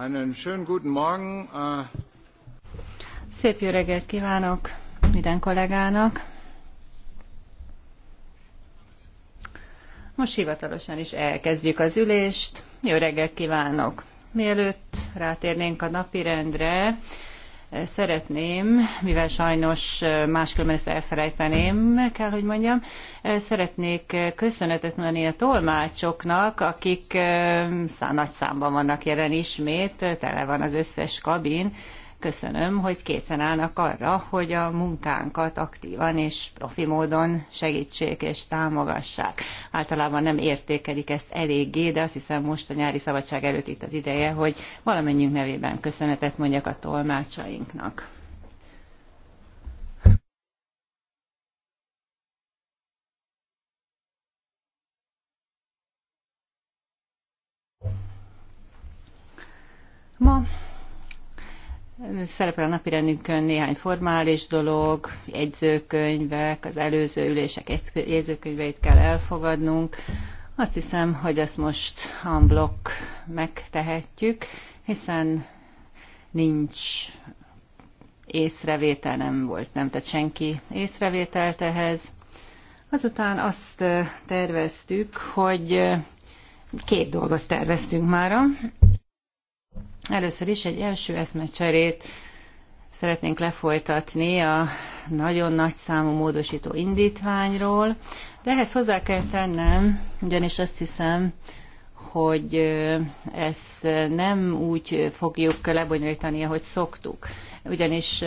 Einen schönen guten Morgen. Äh, Szép jó reggelt kívánok minden kollégának. Most hivatalosan is elkezdjük az ülést. Jó reggelt kívánok! Mielőtt rátérnénk a napirendre, szeretném, mivel sajnos máskülönben ezt elfelejteném, kell, hogy mondjam, szeretnék köszönetet mondani a tolmácsoknak, akik szá, nagy számban vannak jelen ismét, tele van az összes kabin, Köszönöm, hogy készen állnak arra, hogy a munkánkat aktívan és profi módon segítsék és támogassák. Általában nem értékelik ezt eléggé, de azt hiszem most a nyári szabadság előtt itt az ideje, hogy valamennyünk nevében köszönetet mondjak a tolmácsainknak. Ma Szerepel a napirendünkön néhány formális dolog, jegyzőkönyvek, az előző ülések jegyzőkönyveit kell elfogadnunk. Azt hiszem, hogy ezt most unblock megtehetjük, hiszen nincs észrevétel, nem volt, nem tett senki észrevételt ehhez. Azután azt terveztük, hogy két dolgot terveztünk mára. Először is egy első eszmecserét szeretnénk lefolytatni a nagyon nagy számú módosító indítványról, de ehhez hozzá kell tennem, ugyanis azt hiszem, hogy ezt nem úgy fogjuk lebonyolítani, ahogy szoktuk. Ugyanis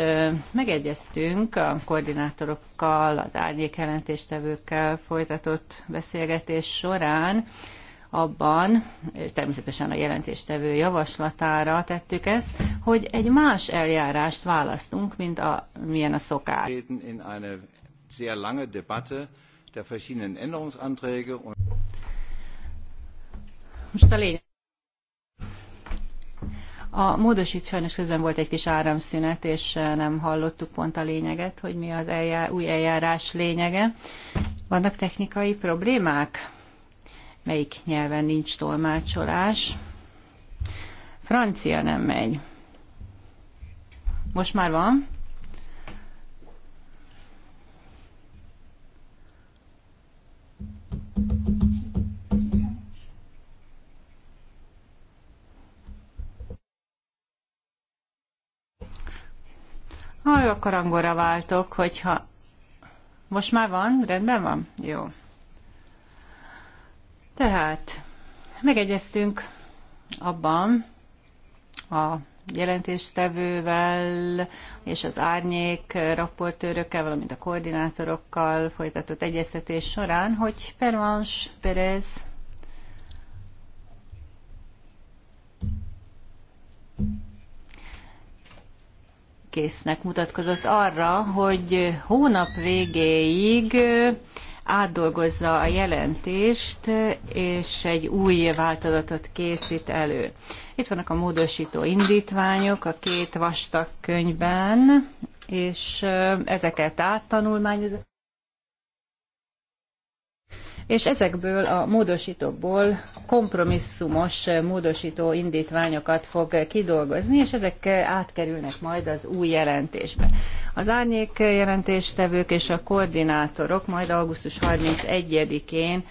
megegyeztünk a koordinátorokkal, az árnyék jelentéstevőkkel folytatott beszélgetés során, abban, és természetesen a jelentéstevő javaslatára tettük ezt, hogy egy más eljárást választunk, mint a, milyen a szokás. Most a lényeg. A módosít sajnos közben volt egy kis áramszünet, és eh, nem hallottuk pont a lényeget, hogy mi az eljár, új eljárás lényege. Vannak technikai problémák? melyik nyelven nincs tolmácsolás. Francia nem megy. Most már van? jó, akkor angolra váltok, hogyha... Most már van? Rendben van? Jó. Tehát megegyeztünk abban a jelentéstevővel és az árnyék raportőrökkel, valamint a koordinátorokkal folytatott egyeztetés során, hogy Pervans Perez késznek mutatkozott arra, hogy hónap végéig átdolgozza a jelentést, és egy új változatot készít elő. Itt vannak a módosító indítványok a két vastag könyvben, és ezeket áttanulmányozok. És ezekből a módosítókból kompromisszumos módosító indítványokat fog kidolgozni, és ezek átkerülnek majd az új jelentésbe. Az árnyék jelentéstevők és a koordinátorok majd augusztus 31-én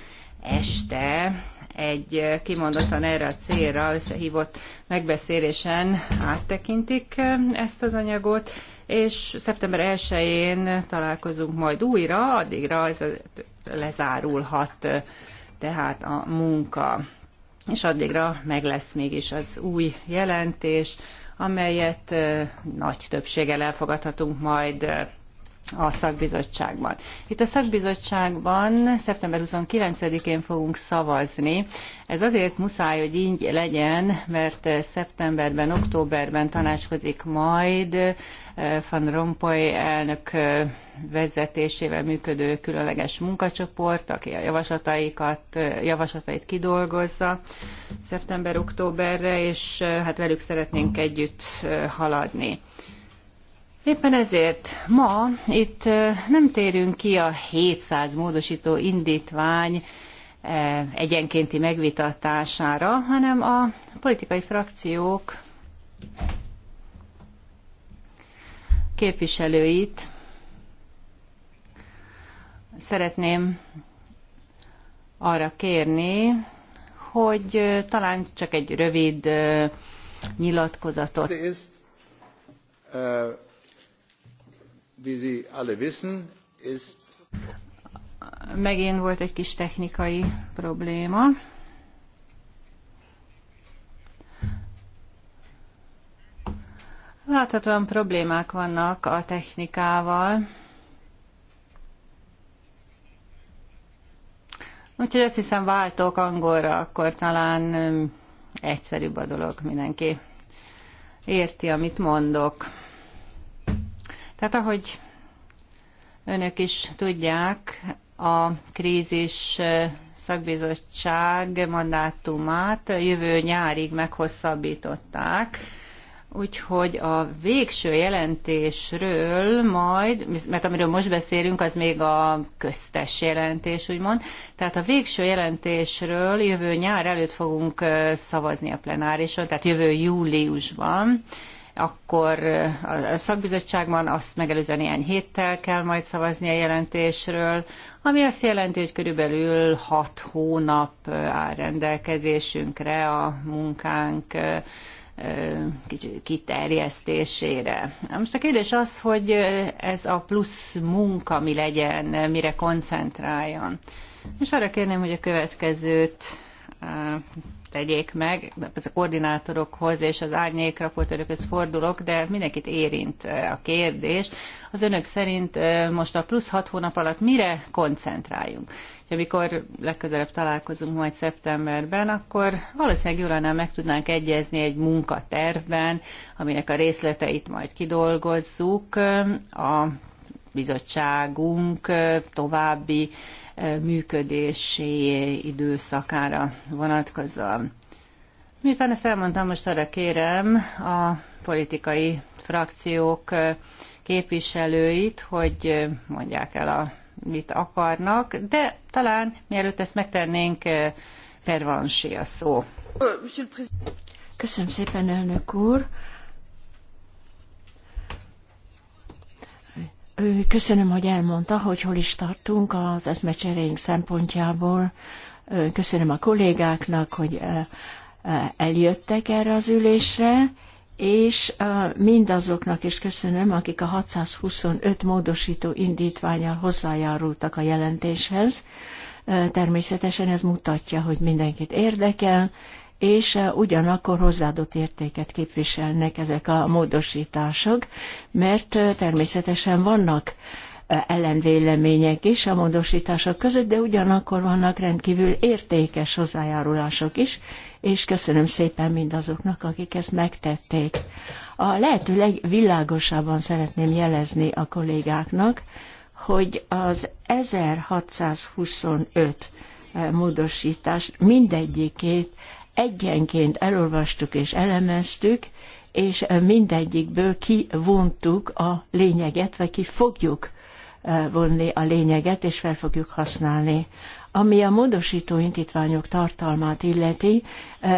este egy kimondottan erre a célra összehívott megbeszélésen áttekintik ezt az anyagot, és szeptember 1-én találkozunk majd újra, addigra ez lezárulhat tehát a munka. És addigra meg lesz mégis az új jelentés, amelyet nagy többséggel elfogadhatunk majd a szakbizottságban. Itt a szakbizottságban szeptember 29-én fogunk szavazni. Ez azért muszáj, hogy így legyen, mert szeptemberben, októberben tanácskozik majd Van Rompuy elnök vezetésével működő különleges munkacsoport, aki a javaslataikat, javaslatait kidolgozza szeptember-októberre, és hát velük szeretnénk együtt haladni. Éppen ezért ma itt nem térünk ki a 700 módosító indítvány egyenkénti megvitatására, hanem a politikai frakciók képviselőit szeretném arra kérni, hogy talán csak egy rövid nyilatkozatot. Äh, Megint volt egy kis technikai probléma. Láthatóan problémák vannak a technikával. Úgyhogy azt hiszem váltok angolra, akkor talán egyszerűbb a dolog mindenki. Érti, amit mondok. Tehát ahogy önök is tudják, a krízis szakbizottság mandátumát jövő nyárig meghosszabbították Úgyhogy a végső jelentésről majd, mert amiről most beszélünk, az még a köztes jelentés, úgymond. Tehát a végső jelentésről jövő nyár előtt fogunk szavazni a plenárison, tehát jövő júliusban akkor a szakbizottságban azt megelőzően néhány héttel kell majd szavazni a jelentésről, ami azt jelenti, hogy körülbelül hat hónap áll rendelkezésünkre a munkánk kiterjesztésére. Most a kérdés az, hogy ez a plusz munka mi legyen, mire koncentráljon. És arra kérném, hogy a következőt tegyék meg, ez a koordinátorokhoz és az árnyék raportőrökhöz fordulok, de mindenkit érint a kérdés. Az önök szerint most a plusz hat hónap alatt mire koncentráljunk? hogy amikor legközelebb találkozunk majd szeptemberben, akkor valószínűleg jól lenne, meg tudnánk egyezni egy munkatervben, aminek a részleteit majd kidolgozzuk. A bizottságunk további e, működési időszakára vonatkozóan. Miután ezt elmondtam, most arra kérem a politikai frakciók e, képviselőit, hogy mondják el a mit akarnak, de talán mielőtt ezt megtennénk, eh, pervansi a szó. Köszönöm szépen, elnök úr. Köszönöm, hogy elmondta, hogy hol is tartunk az eszmecseréink szempontjából. Köszönöm a kollégáknak, hogy eljöttek erre az ülésre és mindazoknak is köszönöm, akik a 625 módosító indítványal hozzájárultak a jelentéshez. Természetesen ez mutatja, hogy mindenkit érdekel, és ugyanakkor hozzáadott értéket képviselnek ezek a módosítások, mert természetesen vannak ellenvélemények is a módosítások között, de ugyanakkor vannak rendkívül értékes hozzájárulások is, és köszönöm szépen mindazoknak, akik ezt megtették. A lehető legvilágosabban szeretném jelezni a kollégáknak, hogy az 1625 eh, módosítás mindegyikét egyenként elolvastuk és elemeztük, és eh, mindegyikből kivontuk a lényeget, vagy ki fogjuk vonni a lényeget, és fel fogjuk használni. Ami a módosító intitványok tartalmát illeti,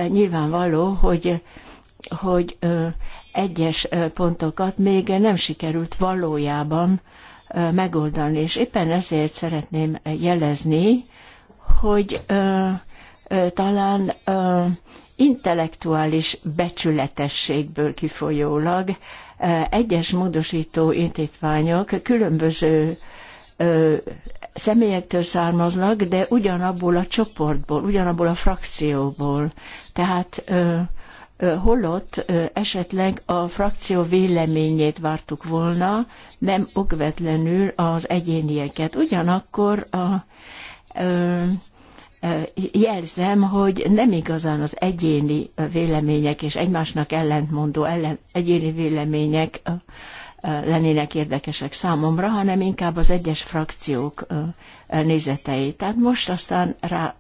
nyilvánvaló, hogy hogy egyes pontokat még nem sikerült valójában megoldani, és éppen ezért szeretném jelezni, hogy talán intellektuális becsületességből kifolyólag egyes módosító intézmények különböző személyektől származnak, de ugyanabból a csoportból, ugyanabból a frakcióból. Tehát holott esetleg a frakció véleményét vártuk volna, nem okvetlenül az egyénieket. Ugyanakkor a jelzem, hogy nem igazán az egyéni vélemények és egymásnak ellentmondó ellen, egyéni vélemények lennének érdekesek számomra, hanem inkább az egyes frakciók nézetei. Tehát most aztán rá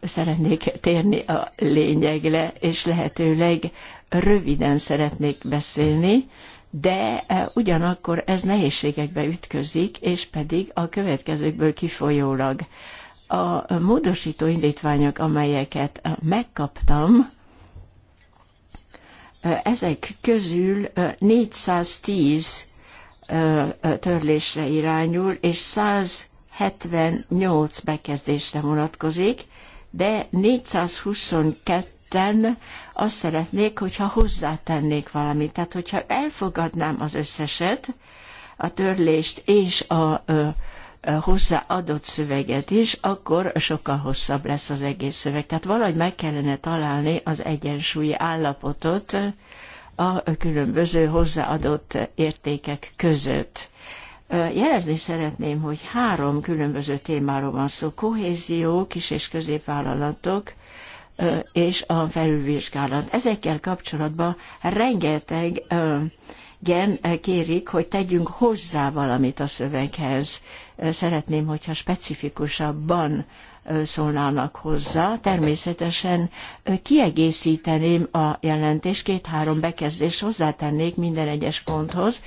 szeretnék térni a lényegre, és lehetőleg röviden szeretnék beszélni, de ugyanakkor ez nehézségekbe ütközik, és pedig a következőkből kifolyólag a módosító indítványok, amelyeket megkaptam, ezek közül 410 törlésre irányul, és 178 bekezdésre vonatkozik, de 422-en azt szeretnék, hogyha hozzátennék valamit. Tehát, hogyha elfogadnám az összeset, a törlést és a, a hozzáadott szöveget is, akkor sokkal hosszabb lesz az egész szöveg. Tehát valahogy meg kellene találni az egyensúlyi állapotot a különböző hozzáadott értékek között. Jelezni szeretném, hogy három különböző témáról van szó. Kohézió, kis- és középvállalatok, és a felülvizsgálat. Ezekkel kapcsolatban rengeteg gen kérik, hogy tegyünk hozzá valamit a szöveghez szeretném, hogyha specifikusabban szólnának hozzá. Természetesen kiegészíteném a jelentést, két-három bekezdést hozzátennék minden egyes ponthoz,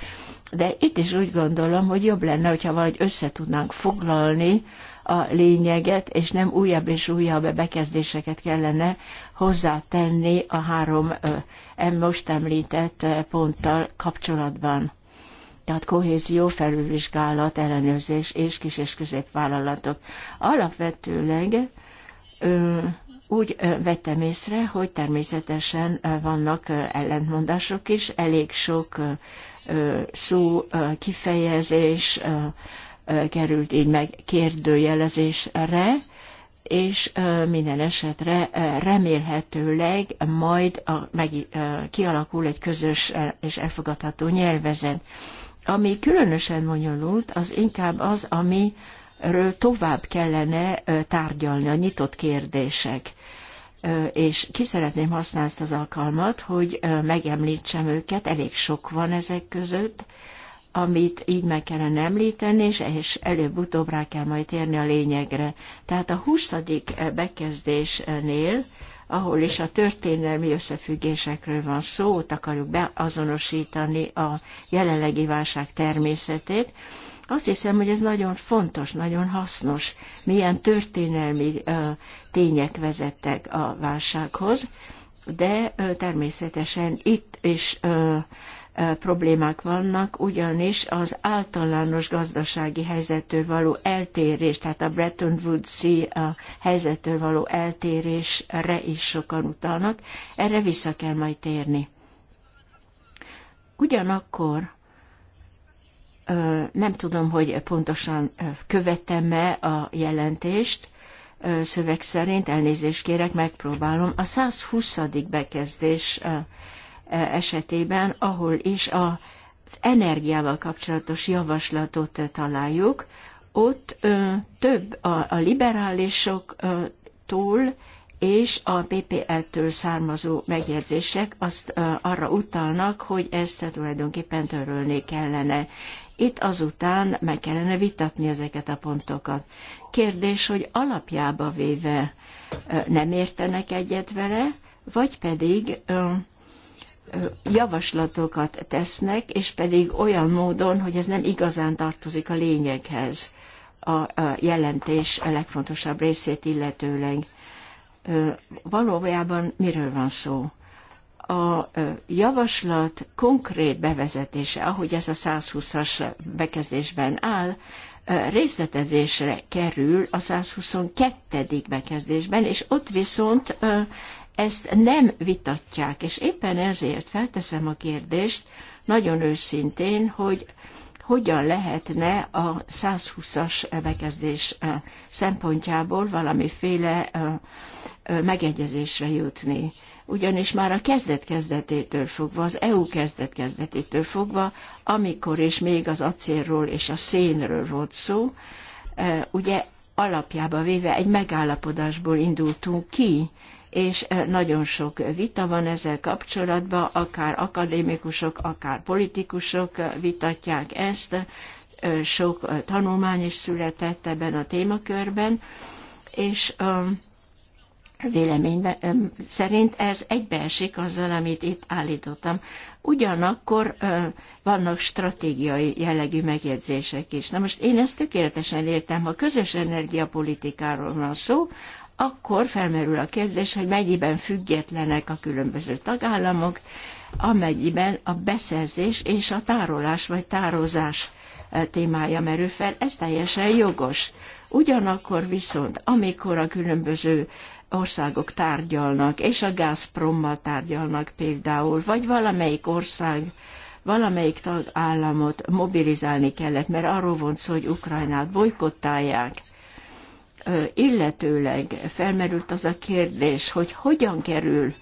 de itt is úgy gondolom, hogy jobb lenne, hogyha valahogy össze tudnánk foglalni a lényeget, és nem újabb és újabb bekezdéseket kellene hozzátenni a három most említett ponttal kapcsolatban tehát kohézió, felülvizsgálat, ellenőrzés és kis- és középvállalatok. Alapvetőleg ö, úgy vettem észre, hogy természetesen vannak ellentmondások is, elég sok szó, kifejezés került így meg kérdőjelezésre, és minden esetre remélhetőleg majd a, meg, kialakul egy közös és elfogadható nyelvezet. Ami különösen bonyolult, az inkább az, amiről tovább kellene tárgyalni, a nyitott kérdések és ki szeretném használni ezt az alkalmat, hogy megemlítsem őket, elég sok van ezek között, amit így meg kellene említeni, és előbb-utóbb rá kell majd térni a lényegre. Tehát a 20. bekezdésnél ahol is a történelmi összefüggésekről van szó, ott akarjuk beazonosítani a jelenlegi válság természetét. Azt hiszem, hogy ez nagyon fontos, nagyon hasznos, milyen történelmi tények vezettek a válsághoz, de természetesen itt is problémák vannak, ugyanis az általános gazdasági helyzettől való eltérés, tehát a Bretton Woods-i helyzettől való eltérésre is sokan utalnak, erre vissza kell majd térni. Ugyanakkor nem tudom, hogy pontosan követem-e a jelentést, szöveg szerint, elnézést kérek, megpróbálom. A 120. bekezdés esetében, ahol is az energiával kapcsolatos javaslatot találjuk, ott több a, a liberálisoktól és a PPL-től származó megjegyzések azt arra utalnak, hogy ezt tulajdonképpen törölni kellene. Itt azután meg kellene vitatni ezeket a pontokat. Kérdés, hogy alapjába véve nem értenek egyet vele, vagy pedig javaslatokat tesznek, és pedig olyan módon, hogy ez nem igazán tartozik a lényeghez a jelentés a legfontosabb részét illetőleg. Valójában miről van szó? a javaslat konkrét bevezetése, ahogy ez a 120-as bekezdésben áll, részletezésre kerül a 122. bekezdésben, és ott viszont ezt nem vitatják, és éppen ezért felteszem a kérdést nagyon őszintén, hogy hogyan lehetne a 120-as bekezdés eh, szempontjából valamiféle eh, eh, megegyezésre jutni. Ugyanis már a kezdet-kezdetétől fogva, az EU kezdet-kezdetétől fogva, amikor és még az acélról és a szénről volt szó, ugye alapjába véve egy megállapodásból indultunk ki, és eh, nagyon sok vita van ezzel kapcsolatban, akár akadémikusok, akár politikusok eh, vitatják ezt, eh, sok tanulmány is született ebben a témakörben, és um, vélemény szerint ez egybeesik azzal, amit itt állítottam. Ugyanakkor vannak stratégiai jellegű megjegyzések is. Na most én ezt tökéletesen értem, ha közös energiapolitikáról van szó, akkor felmerül a kérdés, hogy mennyiben függetlenek a különböző tagállamok, amennyiben a beszerzés és a tárolás vagy tározás e, témája merül fel. Ez teljesen jogos. Ugyanakkor viszont, amikor a különböző országok tárgyalnak, és a Gazprommal tárgyalnak például, vagy valamelyik ország, valamelyik tagállamot mobilizálni kellett, mert arról volt szó, hogy Ukrajnát bolykottálják, illetőleg felmerült az a kérdés, hogy hogyan kerül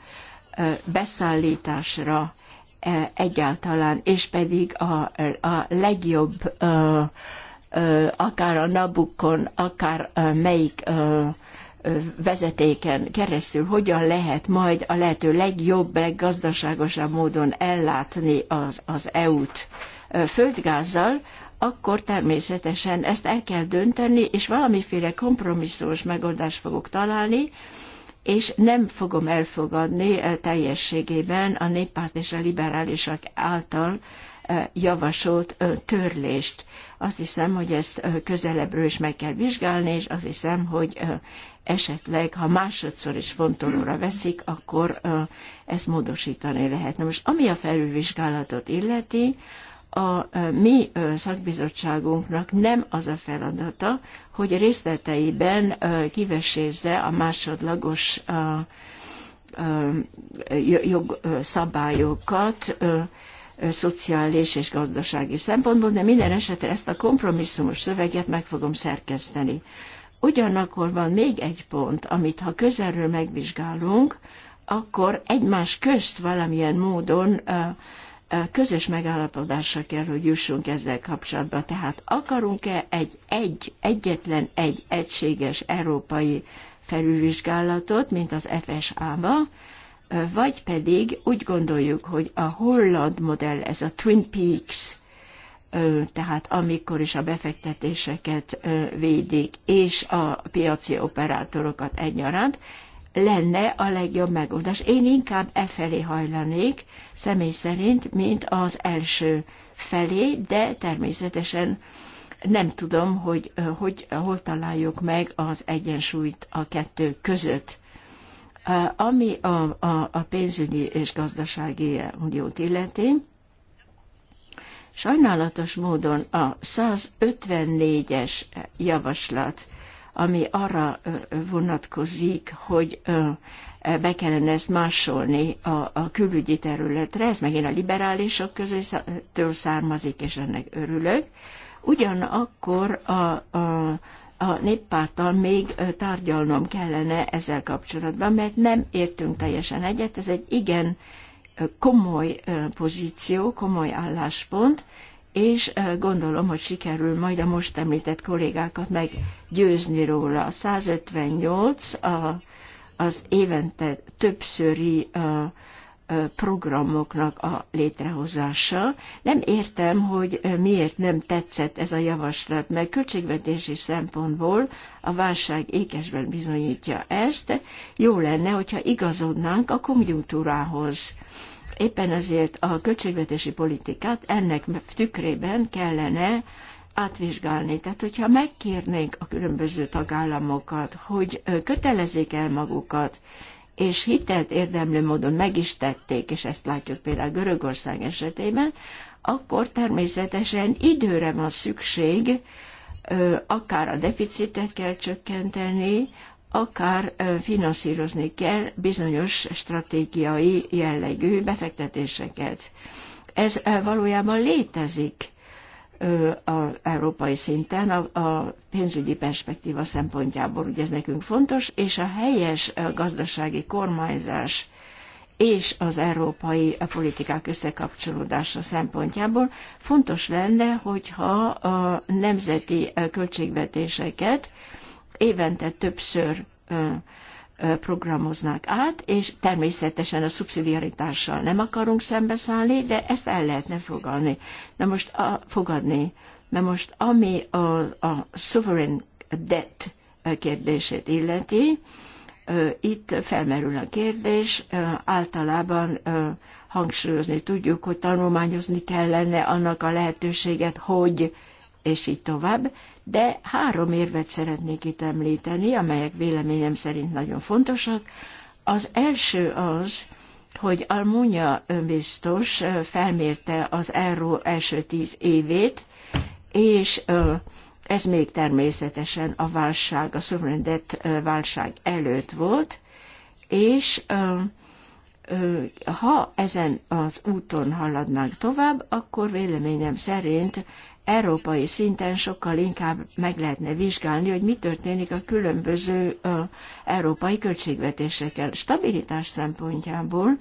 beszállításra e, egyáltalán, és pedig a, a legjobb, akár a Nabukon, akár melyik vezetéken keresztül hogyan lehet majd a lehető legjobb, leggazdaságosabb módon ellátni az, az EU-t földgázzal, akkor természetesen ezt el kell dönteni, és valamiféle kompromisszós megoldást fogok találni, és nem fogom elfogadni eh, teljességében a néppárt és a liberálisok által eh, javasolt törlést. Azt hiszem, hogy ezt közelebbről is meg kell vizsgálni, és azt hiszem, hogy esetleg, ha másodszor is fontolóra veszik, akkor ezt módosítani lehet. Na most, ami a felülvizsgálatot illeti, a mi szakbizottságunknak nem az a feladata, hogy részleteiben kivesézze a másodlagos jogszabályokat szociális és gazdasági szempontból, de minden esetre ezt a kompromisszumos szöveget meg fogom szerkeszteni. Ugyanakkor van még egy pont, amit ha közelről megvizsgálunk, akkor egymás közt valamilyen módon uh, közös megállapodásra kell, hogy jussunk ezzel kapcsolatban. Tehát akarunk-e egy, egy, egyetlen egy egységes európai felülvizsgálatot, mint az FSA-ba, vagy pedig úgy gondoljuk, hogy a holland modell, ez a Twin Peaks, tehát amikor is a befektetéseket védik, és a piaci operátorokat egyaránt, lenne a legjobb megoldás. Én inkább e felé hajlanék, személy szerint, mint az első felé, de természetesen nem tudom, hogy, hogy hol találjuk meg az egyensúlyt a kettő között. Ami a, a, a pénzügyi és gazdasági uniót illeti, sajnálatos módon a 154-es javaslat ami arra vonatkozik, hogy be kellene ezt másolni a, a külügyi területre, ez megint a liberálisok közétől származik, és ennek örülök. Ugyanakkor a, a, a néppárttal még tárgyalnom kellene ezzel kapcsolatban, mert nem értünk teljesen egyet, ez egy igen komoly pozíció, komoly álláspont, és gondolom, hogy sikerül majd a most említett kollégákat meggyőzni róla. 158 a, az évente többszöri a, a programoknak a létrehozása. Nem értem, hogy miért nem tetszett ez a javaslat, mert költségvetési szempontból a válság ékesben bizonyítja ezt. Jó lenne, hogyha igazodnánk a konjunktúrához éppen ezért a költségvetési politikát ennek tükrében kellene átvizsgálni. Tehát, hogyha megkérnénk a különböző tagállamokat, hogy kötelezzék el magukat, és hitelt érdemlő módon meg is tették, és ezt látjuk például Görögország esetében, akkor természetesen időre van szükség, akár a deficitet kell csökkenteni, akár finanszírozni kell bizonyos stratégiai jellegű befektetéseket. Ez valójában létezik az európai szinten a, a pénzügyi perspektíva szempontjából, ugye ez nekünk fontos, és a helyes gazdasági kormányzás és az európai politikák összekapcsolódása szempontjából fontos lenne, hogyha a nemzeti költségvetéseket évente többször programoznák át, és természetesen a szubszidiaritással nem akarunk szembeszállni, de ezt el lehetne fogadni. Na most a, fogadni. Na most ami a, a sovereign debt kérdését illeti, itt felmerül a kérdés, általában hangsúlyozni tudjuk, hogy tanulmányozni kellene annak a lehetőséget, hogy, és így tovább de három érvet szeretnék itt említeni, amelyek véleményem szerint nagyon fontosak. Az első az, hogy Almunia önbiztos felmérte az euró első tíz évét, és ez még természetesen a válság, a szuverendett válság előtt volt, és ha ezen az úton haladnánk tovább, akkor véleményem szerint európai szinten sokkal inkább meg lehetne vizsgálni, hogy mi történik a különböző európai költségvetésekkel. Stabilitás szempontjából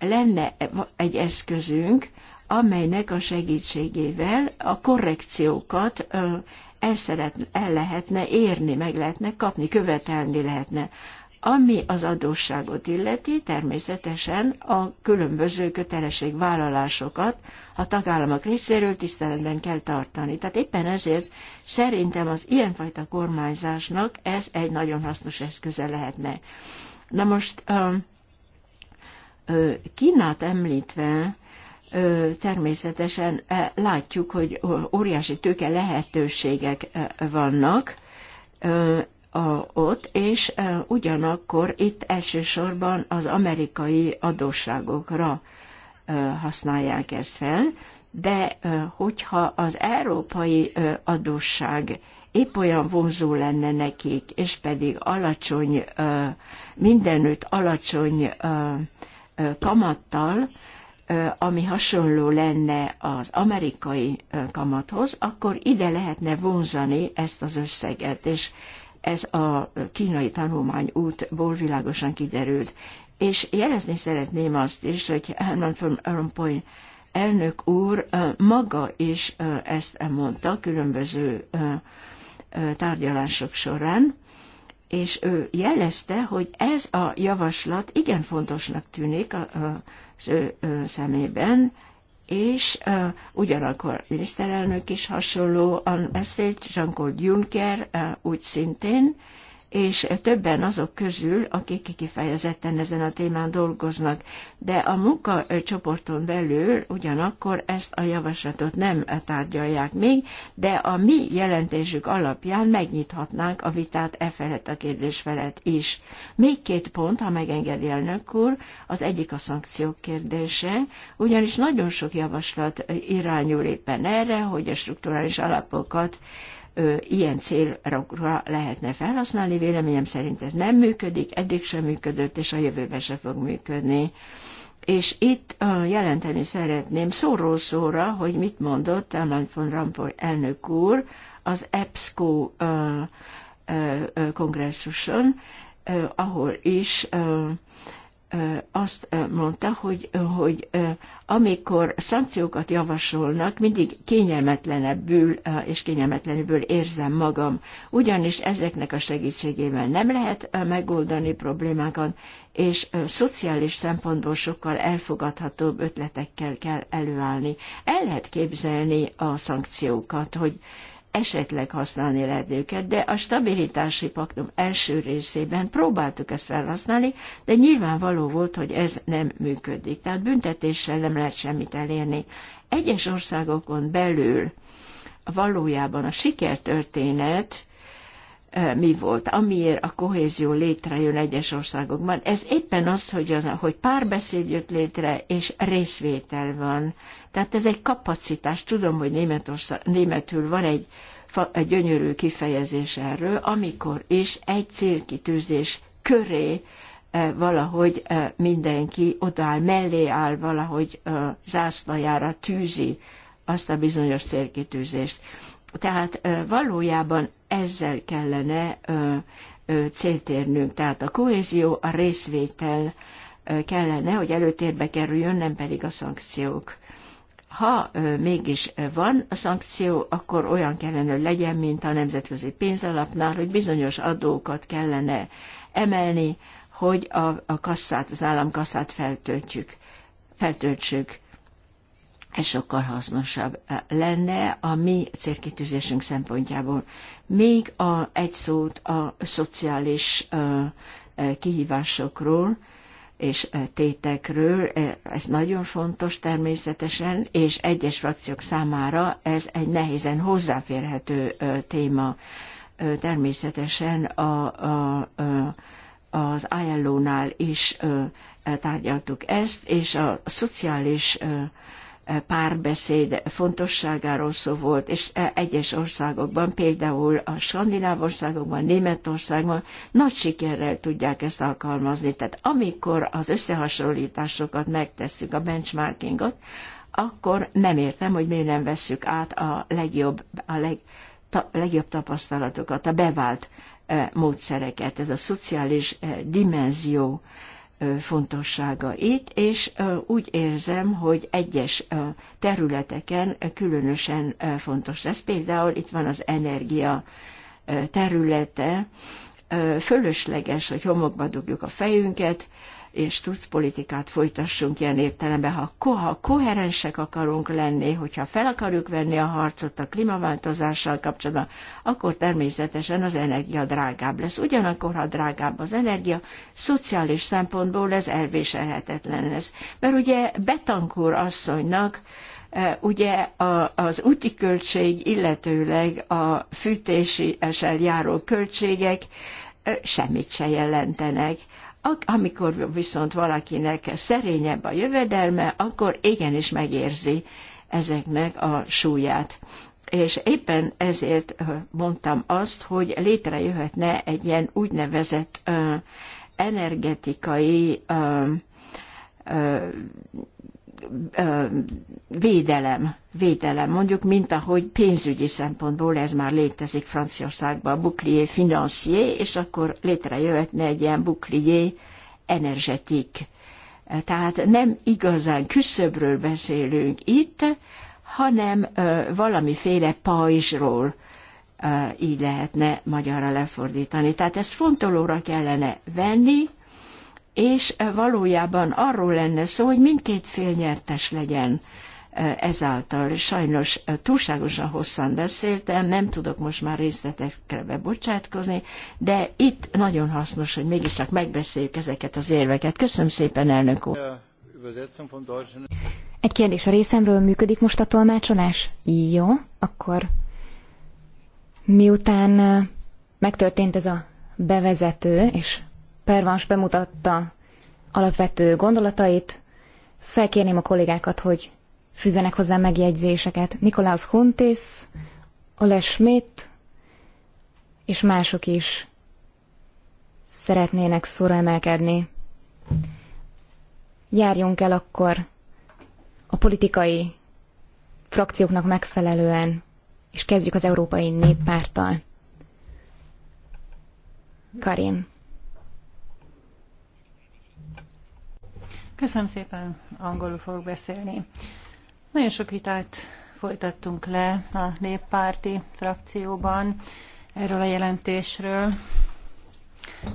lenne egy eszközünk, amelynek a segítségével a korrekciókat el, szeretne, el lehetne érni, meg lehetne kapni, követelni lehetne. Ami az adósságot illeti, természetesen a különböző kötelességvállalásokat a tagállamok részéről tiszteletben kell tartani. Tehát éppen ezért szerintem az ilyenfajta kormányzásnak ez egy nagyon hasznos eszköze lehetne. Na most Kínát említve, természetesen látjuk, hogy óriási tőke lehetőségek vannak, a, ott, és e, ugyanakkor itt elsősorban az amerikai adósságokra e, használják ezt fel, de e, hogyha az európai e, adósság épp olyan vonzó lenne nekik, és pedig alacsony, e, mindenütt alacsony e, e, kamattal, e, ami hasonló lenne az amerikai e, kamathoz, akkor ide lehetne vonzani ezt az összeget, és ez a kínai tanulmányútból világosan kiderült. És jelezni szeretném azt is, hogy Herman von Rompuy elnök úr maga is ezt mondta különböző tárgyalások során, és ő jelezte, hogy ez a javaslat igen fontosnak tűnik az ő szemében, és uh, ugyanakkor miniszterelnök is hasonlóan beszélt, um, Jean-Claude Juncker uh, úgy szintén, uh, és többen azok közül, akik kifejezetten ezen a témán dolgoznak. De a munkacsoporton belül ugyanakkor ezt a javaslatot nem tárgyalják még, de a mi jelentésük alapján megnyithatnánk a vitát e felett a kérdés felett is. Még két pont, ha megengedi elnök úr, az egyik a szankciók kérdése, ugyanis nagyon sok javaslat irányul éppen erre, hogy a strukturális alapokat ilyen célra lehetne felhasználni. Véleményem szerint ez nem működik, eddig sem működött, és a jövőben sem fog működni. És itt jelenteni szeretném szóról szóra, hogy mit mondott Elman von Rampoy elnök úr az EPSCO kongresszuson, ahol is azt mondta, hogy, hogy amikor szankciókat javasolnak, mindig kényelmetlenebbül és kényelmetlenebbül érzem magam, ugyanis ezeknek a segítségével nem lehet megoldani problémákat, és szociális szempontból sokkal elfogadhatóbb ötletekkel kell előállni. El lehet képzelni a szankciókat, hogy esetleg használni lehet őket, de a stabilitási paktum első részében próbáltuk ezt felhasználni, de nyilvánvaló volt, hogy ez nem működik. Tehát büntetéssel nem lehet semmit elérni. Egyes országokon belül valójában a sikertörténet mi volt, amiért a kohézió létrejön egyes országokban. Ez éppen az, hogy, az, hogy párbeszéd jött létre, és részvétel van. Tehát ez egy kapacitás. Tudom, hogy Németország, németül van egy, egy gyönyörű kifejezés erről, amikor is egy célkitűzés köré valahogy mindenki odaáll, mellé áll, valahogy zászlajára tűzi azt a bizonyos célkitűzést. Tehát valójában ezzel kellene célt Tehát a kohézió, a részvétel kellene, hogy előtérbe kerüljön, nem pedig a szankciók. Ha mégis van a szankció, akkor olyan kellene, hogy legyen, mint a nemzetközi pénzalapnál, hogy bizonyos adókat kellene emelni, hogy a, a kasszát, az államkasszát feltöltjük. feltöltsük sokkal hasznosabb eh, lenne a mi célkitűzésünk szempontjából. Még a, egy szót a szociális a eh, eh, kihívásokról és tétekről. Ez nagyon fontos természetesen, és egyes frakciók számára ez egy nehézen hozzáférhető téma. Természetesen a, a, a, az ILO-nál is tárgyaltuk ezt, és a szociális párbeszéd fontosságáról szó volt, és e, egyes országokban, például a skandináv országokban, Németországban nagy sikerrel tudják ezt alkalmazni. Tehát amikor az összehasonlításokat megtesszük, a benchmarkingot, akkor nem értem, hogy miért nem vesszük át a legjobb, a leg, ta, legjobb tapasztalatokat, a bevált e, módszereket, ez a szociális e, dimenzió fontossága itt, és úgy érzem, hogy egyes területeken különösen fontos lesz. Például itt van az energia területe, fölösleges, hogy homokba dugjuk a fejünket, és tudsz politikát folytassunk ilyen értelemben, ha, ko, ha koherensek akarunk lenni, hogyha fel akarjuk venni a harcot a klímaváltozással kapcsolatban, akkor természetesen az energia drágább lesz. Ugyanakkor, ha drágább az energia, szociális szempontból ez elviselhetetlen lesz. Mert ugye Betankúr asszonynak e, ugye az úti költség, illetőleg a fűtési eseljáró költségek e, semmit se jelentenek amikor viszont valakinek szerényebb a jövedelme, akkor igenis megérzi ezeknek a súlyát. És éppen ezért mondtam azt, hogy létrejöhetne egy ilyen úgynevezett energetikai védelem, védelem, mondjuk, mint ahogy pénzügyi szempontból ez már létezik Franciaországban, a bouclier financier, és akkor létrejöhetne egy ilyen bouclier energetik. Tehát nem igazán küszöbről beszélünk itt, hanem valamiféle pajzsról így lehetne magyarra lefordítani. Tehát ezt fontolóra kellene venni, és eh, valójában arról lenne szó, hogy mindkét fél nyertes legyen eh, ezáltal. Sajnos eh, túlságosan hosszan beszéltem, nem tudok most már részletekre bebocsátkozni, de itt nagyon hasznos, hogy mégiscsak megbeszéljük ezeket az érveket. Köszönöm szépen, elnök úr! Egy kérdés a részemről, működik most a tolmácsolás? Jó, akkor miután megtörtént ez a bevezető, és Pervans bemutatta alapvető gondolatait. Felkérném a kollégákat, hogy fűzenek hozzá megjegyzéseket. Nikolaus Huntis, Ole Schmidt és mások is szeretnének szóra emelkedni. Járjunk el akkor a politikai frakcióknak megfelelően, és kezdjük az Európai Néppárttal. Karin. Köszönöm szépen, angolul fogok beszélni. Nagyon sok vitát folytattunk le a néppárti frakcióban erről a jelentésről.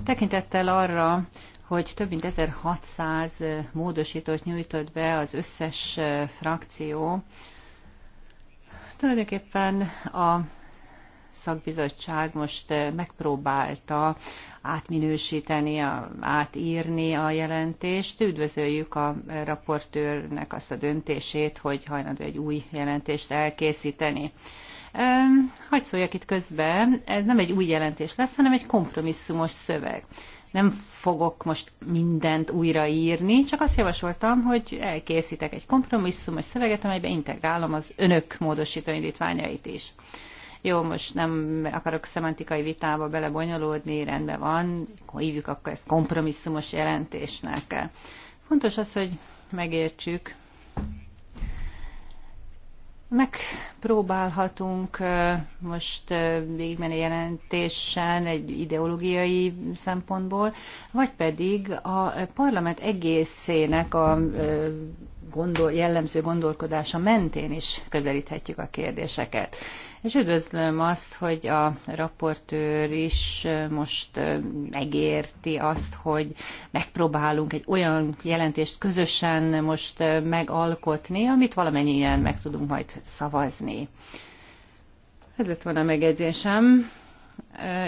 Tekintettel arra, hogy több mint 1600 módosítót nyújtott be az összes frakció, tulajdonképpen a szakbizottság most megpróbálta átminősíteni, átírni a jelentést. Üdvözöljük a raportőrnek azt a döntését, hogy hajlandó egy új jelentést elkészíteni. Hagy szóljak itt közben, ez nem egy új jelentés lesz, hanem egy kompromisszumos szöveg. Nem fogok most mindent újraírni, csak azt javasoltam, hogy elkészítek egy kompromisszumos szöveget, amelybe integrálom az önök módosító indítványait is. Jó, most nem akarok szemantikai vitába belebonyolódni, rendben van, hívjuk akkor ezt kompromisszumos jelentésnek. Fontos az, hogy megértsük, Megpróbálhatunk most végigmenni jelentésen egy ideológiai szempontból, vagy pedig a parlament egészének a gondol, jellemző gondolkodása mentén is közelíthetjük a kérdéseket és üdvözlöm azt, hogy a raportőr is most megérti azt, hogy megpróbálunk egy olyan jelentést közösen most megalkotni, amit valamennyien meg tudunk majd szavazni. Ez lett volna a megjegyzésem.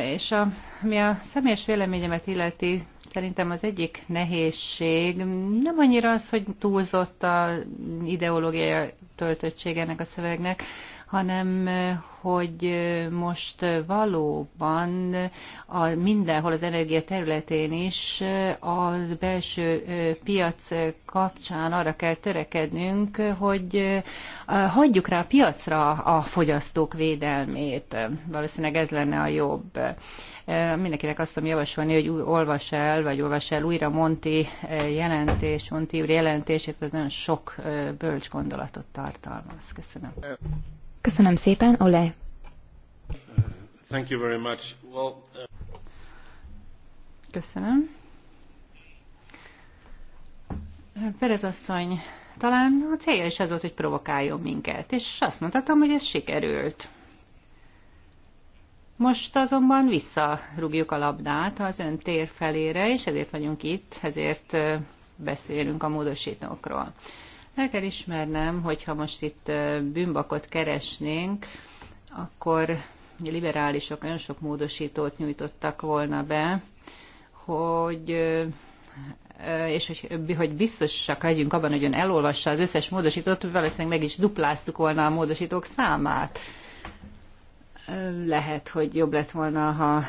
És a, mi a személyes véleményemet illeti, szerintem az egyik nehézség nem annyira az, hogy túlzott a ideológiai töltöttség ennek a szövegnek, hanem eh, hogy eh, most eh, valóban a, mindenhol az energia területén is a belső piac kapcsán arra kell törekednünk, hogy hagyjuk rá a piacra a fogyasztók védelmét. Valószínűleg ez lenne a jobb. Mindenkinek azt tudom javasolni, hogy olvas el, vagy olvas el újra Monti jelentés, Monti úr jelentését, ez nagyon sok bölcs gondolatot tartalmaz. Köszönöm. Köszönöm szépen, Ole. Thank you very much. Well, uh... Köszönöm. Perez asszony, talán a célja is az volt, hogy provokáljon minket, és azt mondhatom, hogy ez sikerült. Most azonban visszarúgjuk a labdát az ön tér felére, és ezért vagyunk itt, ezért uh, beszélünk a módosítókról. El kell ismernem, hogyha most itt bűnbakot keresnénk, akkor liberálisok nagyon sok módosítót nyújtottak volna be, hogy és hogy, hogy biztosak legyünk abban, hogy ön elolvassa az összes módosítót, valószínűleg meg is dupláztuk volna a módosítók számát. Lehet, hogy jobb lett volna, ha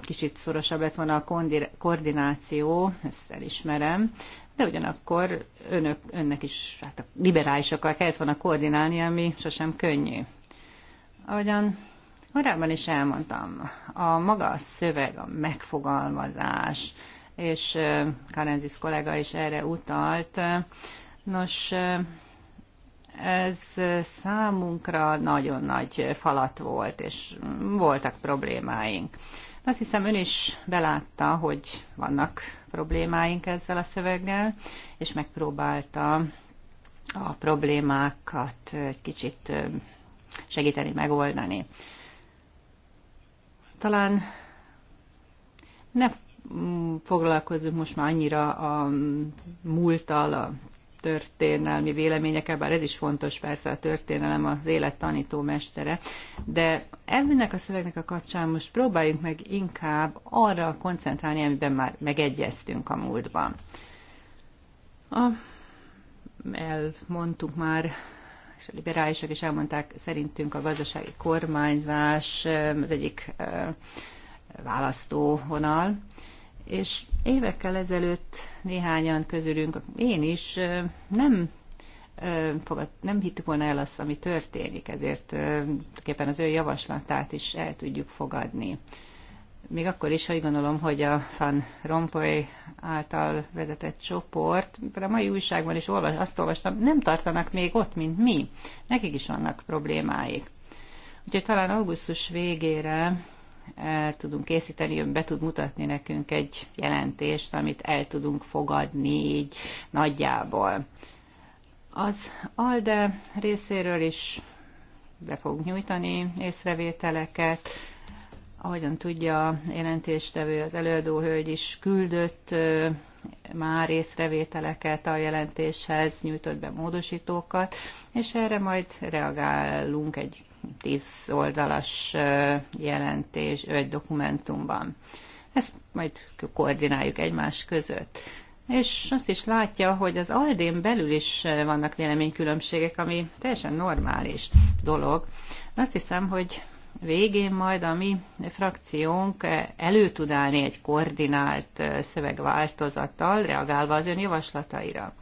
kicsit szorosabb lett volna a koordináció, ezt elismerem, de ugyanakkor önök, önnek is hát a liberálisokkal kellett volna koordinálni, ami sosem könnyű. Ahogyan korábban is elmondtam, a maga a szöveg, a megfogalmazás, és Karenzis kollega is erre utalt, nos, ez számunkra nagyon nagy falat volt, és voltak problémáink. Azt hiszem ön is belátta, hogy vannak problémáink ezzel a szöveggel, és megpróbálta a problémákat egy kicsit segíteni, megoldani. Talán ne mm, foglalkozzunk most már annyira a mm, múlttal, a történelmi véleményekkel, bár ez is fontos persze, a történelem az élet tanító mestere, de ennek a szövegnek a kapcsán most próbáljunk meg inkább arra koncentrálni, amiben már megegyeztünk a múltban. A, elmondtuk már és a liberálisok is elmondták, szerintünk a gazdasági kormányzás az egyik választóvonal és évekkel ezelőtt néhányan közülünk, én is nem fogad, nem hittük volna el azt, ami történik, ezért tulajdonképpen az ő javaslatát is el tudjuk fogadni. Még akkor is, hogy gondolom, hogy a Van Rompoy által vezetett csoport, a mai újságban is olvas, azt olvastam, nem tartanak még ott, mint mi. Nekik is vannak problémáik. Úgyhogy talán augusztus végére el tudunk készíteni, ön be tud mutatni nekünk egy jelentést, amit el tudunk fogadni így nagyjából. Az ALDE részéről is be fogunk nyújtani észrevételeket. Ahogyan tudja, a jelentéstevő az előadó hölgy is küldött már észrevételeket a jelentéshez, nyújtott be módosítókat, és erre majd reagálunk egy tíz oldalas jelentés, egy dokumentumban. Ezt majd koordináljuk egymás között. És azt is látja, hogy az Aldén belül is vannak véleménykülönbségek, ami teljesen normális dolog. Azt hiszem, hogy végén majd a mi frakciónk elő tud állni egy koordinált szövegváltozattal, reagálva az ön javaslataira.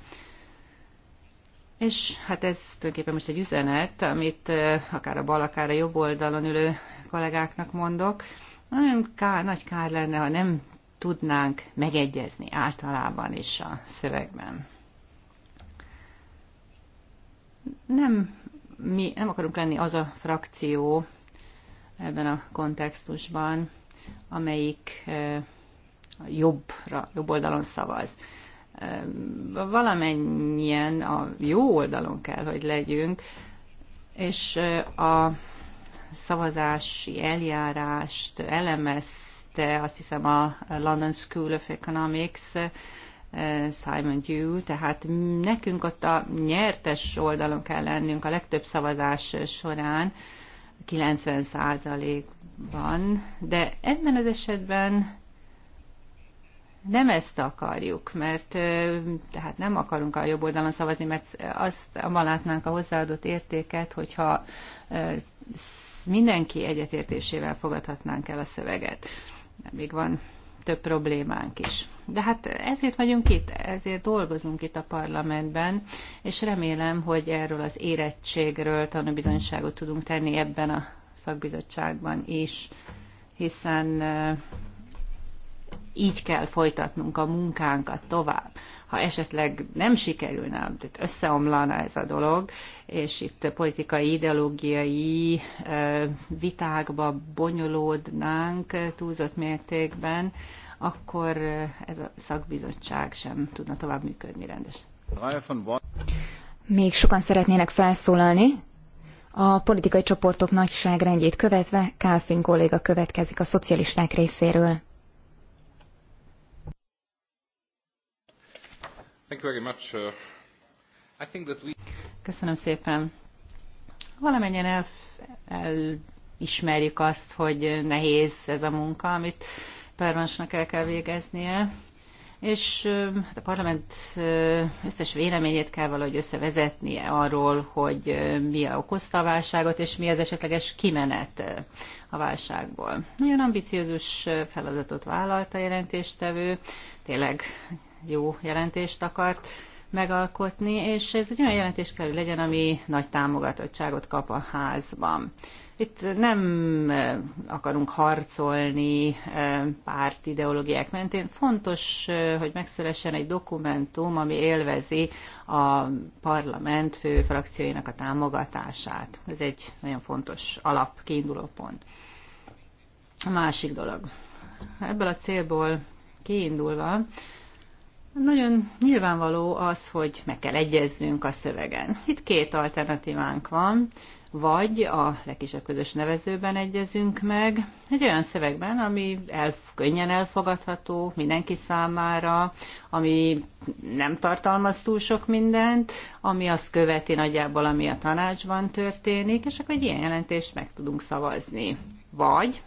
És hát ez tulajdonképpen most egy üzenet, amit akár a bal, akár a jobb oldalon ülő kollégáknak mondok. Nagyon kár, nagy kár lenne, ha nem tudnánk megegyezni általában is a szövegben. Nem, mi nem akarunk lenni az a frakció ebben a kontextusban, amelyik jobbra, jobb oldalon szavaz valamennyien a jó oldalon kell, hogy legyünk, és a szavazási eljárást elemezte, azt hiszem a London School of Economics, Simon Dew, tehát nekünk ott a nyertes oldalon kell lennünk a legtöbb szavazás során, 90 ban de ebben az esetben nem ezt akarjuk, mert tehát nem akarunk a jobb oldalon szavazni, mert azt ma látnánk a hozzáadott értéket, hogyha mindenki egyetértésével fogadhatnánk el a szöveget. Még van több problémánk is. De hát ezért vagyunk itt, ezért dolgozunk itt a parlamentben, és remélem, hogy erről az érettségről tanúbizonyságot tudunk tenni ebben a szakbizottságban is, hiszen így kell folytatnunk a munkánkat tovább. Ha esetleg nem sikerülne, tehát összeomlana ez a dolog, és itt politikai, ideológiai vitákba bonyolódnánk túlzott mértékben, akkor ez a szakbizottság sem tudna tovább működni rendesen. Még sokan szeretnének felszólalni. A politikai csoportok nagyságrendjét követve Kálfin kolléga következik a szocialisták részéről. Uh, Köszönöm szépen. Valamennyien el, elismerjük azt, hogy nehéz ez a munka, amit Pervansnak el kell végeznie, és hát a parlament összes véleményét kell valahogy összevezetnie arról, hogy mi okozta a válságot, és mi az esetleges kimenet a válságból. Nagyon ambiciózus feladatot vállalt a jelentéstevő, tényleg jó jelentést akart megalkotni, és ez egy olyan jelentés kell, hogy legyen, ami nagy támogatottságot kap a házban. Itt nem akarunk harcolni párt ideológiák mentén. Fontos, hogy megszülessen egy dokumentum, ami élvezi a parlament fő frakcióinak a támogatását. Ez egy nagyon fontos alap, kiinduló pont. A másik dolog. Ebből a célból kiindulva, nagyon nyilvánvaló az, hogy meg kell egyeznünk a szövegen. Itt két alternatívánk van, vagy a legkisebb közös nevezőben egyezünk meg, egy olyan szövegben, ami el, könnyen elfogadható mindenki számára, ami nem tartalmaz túl sok mindent, ami azt követi nagyjából, ami a tanácsban történik, és akkor egy ilyen jelentést meg tudunk szavazni. Vagy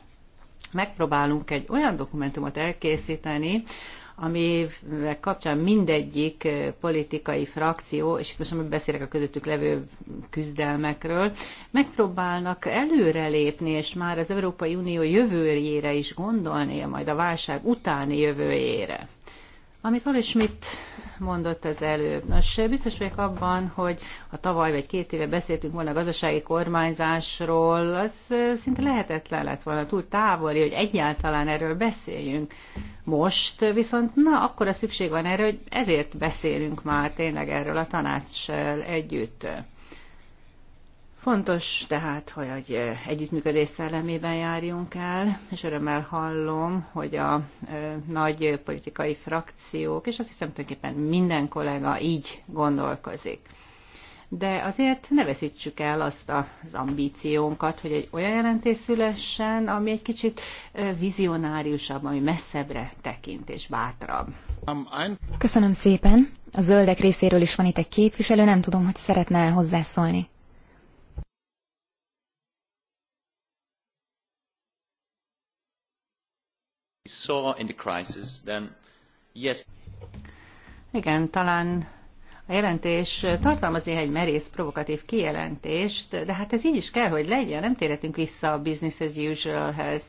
megpróbálunk egy olyan dokumentumot elkészíteni, ami kapcsán mindegyik politikai frakció, és itt most nem beszélek a közöttük levő küzdelmekről, megpróbálnak előrelépni, és már az Európai Unió jövőjére is gondolnia, majd a válság utáni jövőjére. Amit Olismit mondott az előbb. Nos, biztos vagyok abban, hogy a tavaly vagy két éve beszéltünk volna a gazdasági kormányzásról, az szinte lehetetlen lett volna, túl távoli, hogy egyáltalán erről beszéljünk. Most viszont na, akkor a szükség van erre, hogy ezért beszélünk már tényleg erről a tanácssal együtt. Fontos tehát, hogy egy eh, együttműködés szellemében járjunk el, és örömmel hallom, hogy a eh, nagy politikai frakciók, és azt hiszem tulajdonképpen minden kollega így gondolkozik. De azért ne veszítsük el azt az ambíciónkat, hogy egy olyan jelentés szülessen, ami egy kicsit eh, vizionáriusabb, ami messzebbre tekint és bátrabb. Köszönöm szépen. A zöldek részéről is van itt egy képviselő, nem tudom, hogy szeretne hozzászólni. Igen, talán a jelentés tartalmaz néha egy merész, provokatív kijelentést, de hát ez így is kell, hogy legyen, nem térhetünk vissza a business as usual-hez.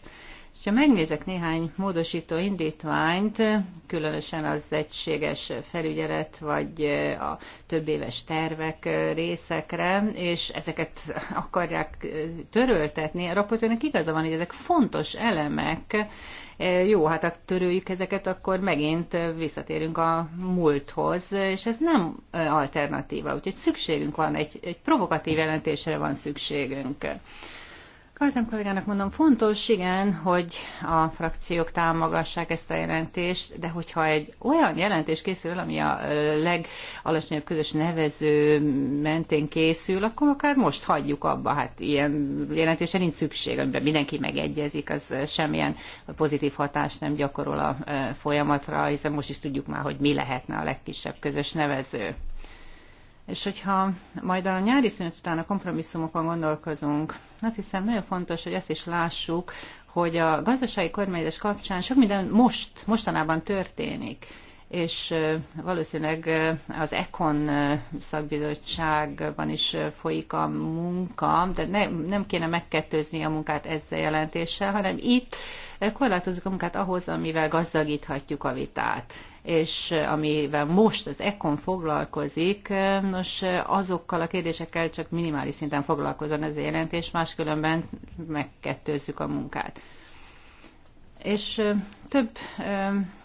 És ha megnézek néhány módosító indítványt, különösen az egységes felügyelet vagy a több éves tervek részekre, és ezeket akarják töröltetni, a raportőrnek igaza van, hogy ezek fontos elemek, jó, hát ha törőjük ezeket, akkor megint visszatérünk a múlthoz, és ez nem alternatíva, úgyhogy szükségünk van, egy, egy provokatív jelentésre van szükségünk. Kaltem kollégának mondom, fontos, igen, hogy a frakciók támogassák ezt a jelentést, de hogyha egy olyan jelentés készül, ami a legalacsonyabb közös nevező mentén készül, akkor akár most hagyjuk abba. Hát ilyen jelentése nincs szükség, amiben mindenki megegyezik, az semmilyen pozitív hatást nem gyakorol a e, folyamatra, hiszen most is tudjuk már, hogy mi lehetne a legkisebb közös nevező. És hogyha majd a nyári szünet után a kompromisszumokon gondolkozunk, azt hiszem nagyon fontos, hogy ezt is lássuk, hogy a gazdasági kormányzás kapcsán sok minden most, mostanában történik és valószínűleg az Econ szakbizottságban is folyik a munka, de ne, nem kéne megkettőzni a munkát ezzel jelentéssel, hanem itt korlátozunk a munkát ahhoz, amivel gazdagíthatjuk a vitát és eh, amivel most az ECON foglalkozik, eh, nos eh, azokkal a kérdésekkel csak minimális szinten foglalkozom ez a jelentés, máskülönben megkettőzzük a munkát. És több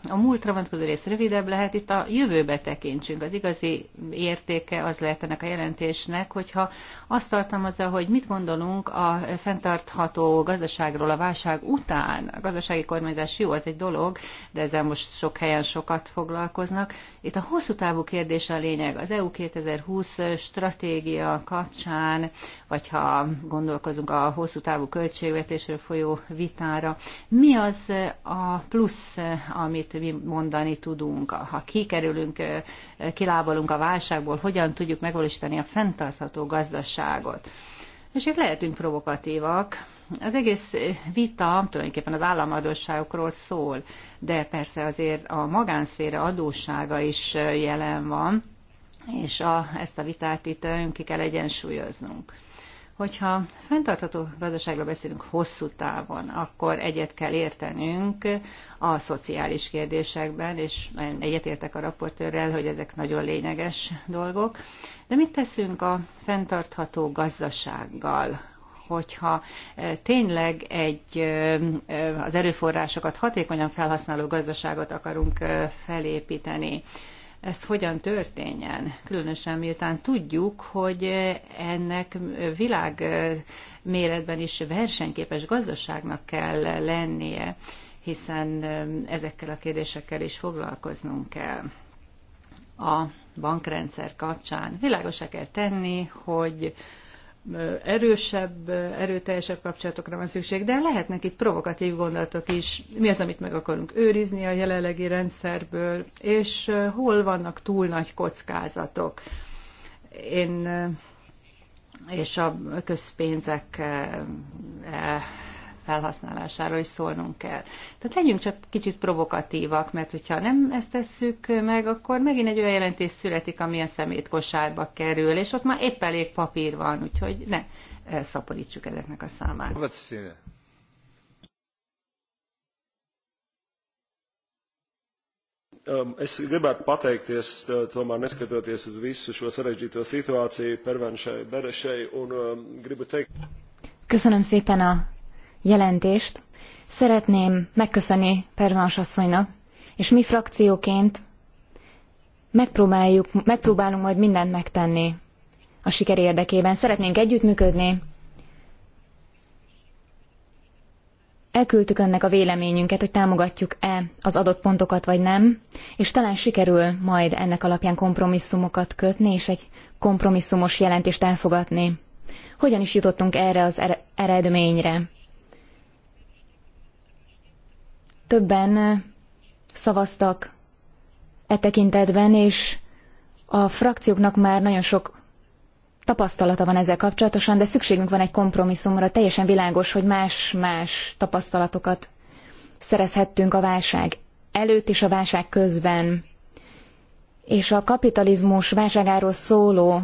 a múltra vonatkozó rész rövidebb lehet, itt a jövőbe tekintsünk. Az igazi értéke az lehet ennek a jelentésnek, hogyha azt tartalmazza, hogy mit gondolunk a fenntartható gazdaságról a válság után. A gazdasági kormányzás jó, az egy dolog, de ezzel most sok helyen sokat foglalkoznak. Itt a hosszú távú kérdés a lényeg. Az EU 2020 stratégia kapcsán, vagy ha gondolkozunk a hosszú távú költségvetésről folyó vitára, mi az a plusz, amit mi mondani tudunk. Ha kikerülünk, kilábalunk a válságból, hogyan tudjuk megvalósítani a fenntartható gazdaságot. És itt lehetünk provokatívak. Az egész vita tulajdonképpen az államadóságokról szól, de persze azért a magánszféra adóssága is jelen van, és a, ezt a vitát itt ki kell egyensúlyoznunk. Hogyha fenntartható gazdaságról beszélünk hosszú távon, akkor egyet kell értenünk a szociális kérdésekben, és egyetértek a raportőrrel, hogy ezek nagyon lényeges dolgok. De mit teszünk a fenntartható gazdasággal? hogyha eh, tényleg egy eh, az erőforrásokat hatékonyan felhasználó gazdaságot akarunk eh, felépíteni, ez hogyan történjen, különösen miután tudjuk, hogy ennek világ méretben is versenyképes gazdaságnak kell lennie, hiszen ezekkel a kérdésekkel is foglalkoznunk kell. A bankrendszer kapcsán világosá kell tenni, hogy erősebb, erőteljesebb kapcsolatokra van szükség, de lehetnek itt provokatív gondolatok is, mi az, amit meg akarunk őrizni a jelenlegi rendszerből, és hol vannak túl nagy kockázatok. Én és a közpénzek felhasználásáról is szólnunk kell. Tehát legyünk csak kicsit provokatívak, mert hogyha nem ezt tesszük meg, akkor megint egy olyan jelentés születik, ami a kosárba kerül, és ott már épp elég papír van, úgyhogy ne eh, szaporítsuk ezeknek a számát. Es gribētu pateikties, tomēr neskatoties uz visu šo sarežģīto situāciju, pervenšai, berešai, un gribu teikt. Köszönöm szépen a jelentést. Szeretném megköszönni Pervans asszonynak, és mi frakcióként megpróbáljuk, megpróbálunk majd mindent megtenni a siker érdekében. Szeretnénk együttműködni. Elküldtük önnek a véleményünket, hogy támogatjuk-e az adott pontokat, vagy nem, és talán sikerül majd ennek alapján kompromisszumokat kötni, és egy kompromisszumos jelentést elfogadni. Hogyan is jutottunk erre az er-, eredményre? többen szavaztak e tekintetben, és a frakcióknak már nagyon sok tapasztalata van ezzel kapcsolatosan, de szükségünk van egy kompromisszumra, teljesen világos, hogy más-más tapasztalatokat szerezhettünk a válság előtt és a válság közben. És a kapitalizmus válságáról szóló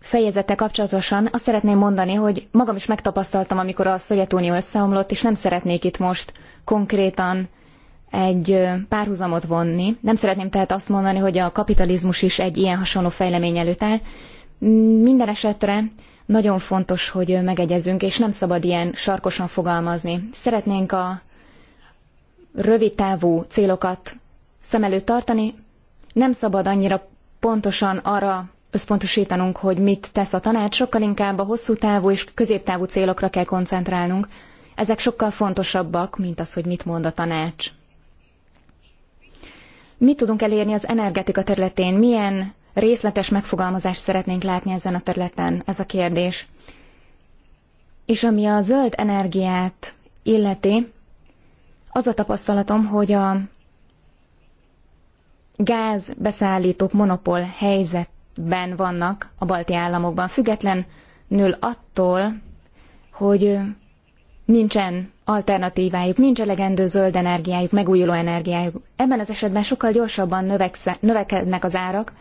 fejezete kapcsolatosan azt szeretném mondani, hogy magam is megtapasztaltam, amikor a Szovjetunió összeomlott, és nem szeretnék itt most konkrétan egy párhuzamot vonni. Nem szeretném tehát azt mondani, hogy a kapitalizmus is egy ilyen hasonló fejlemény előtt áll. Mm, minden esetre nagyon fontos, hogy megegyezünk, és nem szabad ilyen sarkosan fogalmazni. Szeretnénk a rövid távú célokat szem előtt tartani, nem szabad annyira pontosan arra összpontosítanunk, hogy mit tesz a tanács, sokkal inkább a hosszú távú és középtávú célokra kell koncentrálnunk, ezek sokkal fontosabbak, mint az, hogy mit mond a tanács. Mit tudunk elérni az energetika területén? Milyen részletes megfogalmazást szeretnénk látni ezen a területen? Ez a kérdés. És ami a zöld energiát illeti, az a tapasztalatom, hogy a gázbeszállítók monopól helyzetben vannak a balti államokban, független nől attól, hogy nincsen alternatívájuk, nincs elegendő zöld energiájuk, megújuló energiájuk. Ebben az esetben sokkal gyorsabban növekse, növekednek az árak,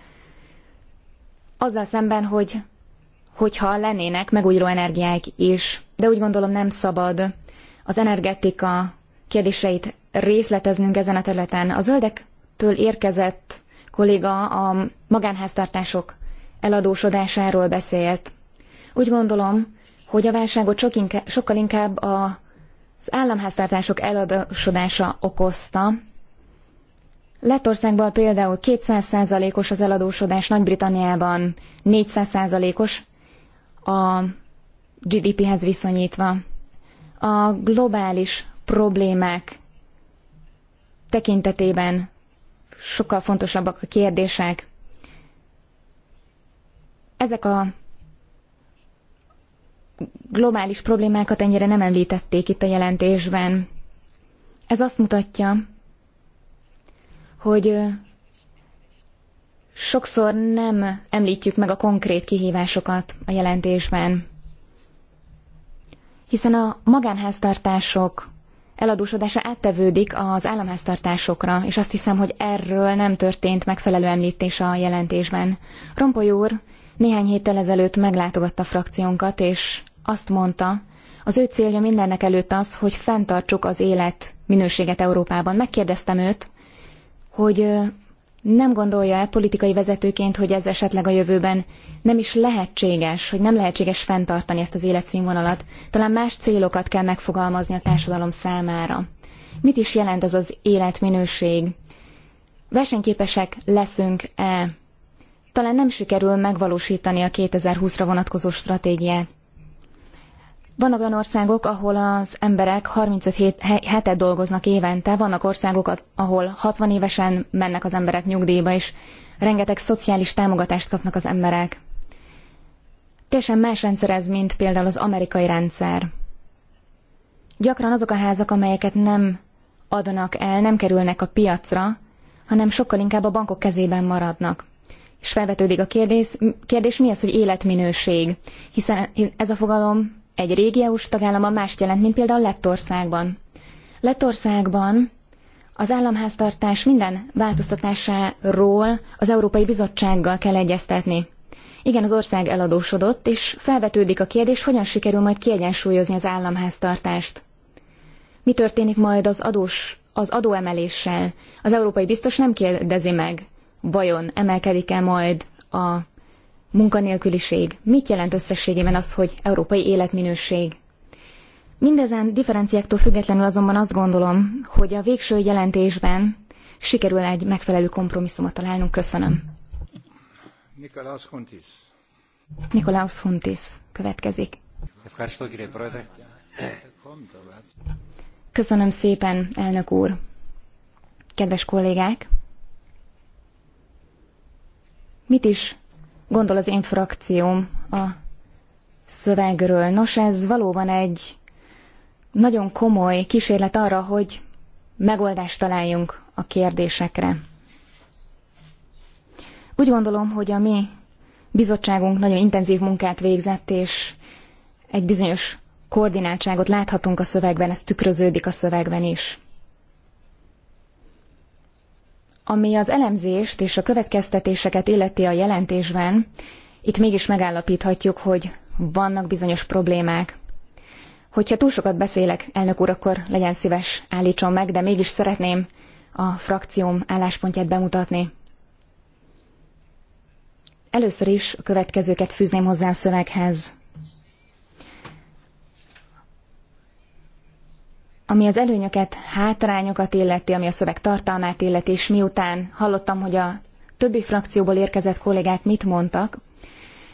azzal szemben, hogy hogyha lennének megújuló energiáik is. De úgy gondolom nem szabad az energetika kérdéseit részleteznünk ezen a területen. A zöldektől érkezett kolléga a magánháztartások eladósodásáról beszélt. Úgy gondolom, hogy a válságot sok inká- sokkal inkább a, az államháztartások eladósodása okozta. Lettországban például 200%-os az eladósodás, Nagy-Britanniában 400%-os a GDP-hez viszonyítva. A globális problémák tekintetében sokkal fontosabbak a kérdések. Ezek a globális problémákat ennyire nem említették itt a jelentésben. Ez azt mutatja, hogy sokszor nem említjük meg a konkrét kihívásokat a jelentésben. Hiszen a magánháztartások eladósodása áttevődik az államháztartásokra, és azt hiszem, hogy erről nem történt megfelelő említés a jelentésben. Rompoly úr néhány héttel ezelőtt meglátogatta frakciónkat, és azt mondta, az ő célja mindennek előtt az, hogy fenntartsuk az élet minőséget Európában. Megkérdeztem őt, hogy nem gondolja e politikai vezetőként, hogy ez esetleg a jövőben nem is lehetséges, hogy nem lehetséges fenntartani ezt az életszínvonalat. Talán más célokat kell megfogalmazni a társadalom számára. Mit is jelent ez az életminőség? Versenyképesek leszünk-e talán nem sikerül megvalósítani a 2020-ra vonatkozó stratégiát. Vannak olyan országok, ahol az emberek 35 hét, hetet dolgoznak évente, vannak országok, ahol 60 évesen mennek az emberek nyugdíjba, és rengeteg szociális támogatást kapnak az emberek. Teljesen más rendszer ez, mint például az amerikai rendszer. Gyakran azok a házak, amelyeket nem adnak el, nem kerülnek a piacra, hanem sokkal inkább a bankok kezében maradnak. És felvetődik a kérdés, kérdés mi az, hogy életminőség? Hiszen ez a fogalom egy régi EU-s tagállamban mást jelent, mint például Lettországban. Lettországban az államháztartás minden változtatásáról az Európai Bizottsággal kell egyeztetni. Igen, az ország eladósodott, és felvetődik a kérdés, hogyan sikerül majd kiegyensúlyozni az államháztartást. Mi történik majd az adós, az adóemeléssel? Az európai biztos nem kérdezi meg vajon emelkedik-e majd a munkanélküliség? Mit jelent összességében az, hogy európai életminőség? Mindezen differenciáktól függetlenül azonban azt gondolom, hogy a végső jelentésben sikerül egy megfelelő kompromisszumot találnunk. Köszönöm. Nikolaus Huntis. Nikolaus Huntis következik. Köszönöm szépen, elnök úr. Kedves kollégák! mit is gondol az én frakcióm a szövegről. Nos, ez valóban egy nagyon komoly kísérlet arra, hogy megoldást találjunk a kérdésekre. Úgy gondolom, hogy a mi bizottságunk nagyon intenzív munkát végzett, és egy bizonyos koordináltságot láthatunk a szövegben, ez tükröződik a szövegben is. Ami az elemzést és a következtetéseket illeti a jelentésben, itt mégis megállapíthatjuk, hogy vannak bizonyos problémák. Hogyha túl sokat beszélek, elnök úr, akkor legyen szíves, állítson meg, de mégis szeretném a frakcióm álláspontját bemutatni. Először is a következőket fűzném hozzá a szöveghez. Ami az előnyöket, hátrányokat illeti, ami a szöveg tartalmát illeti, és miután hallottam, hogy a többi frakcióból érkezett kollégák mit mondtak,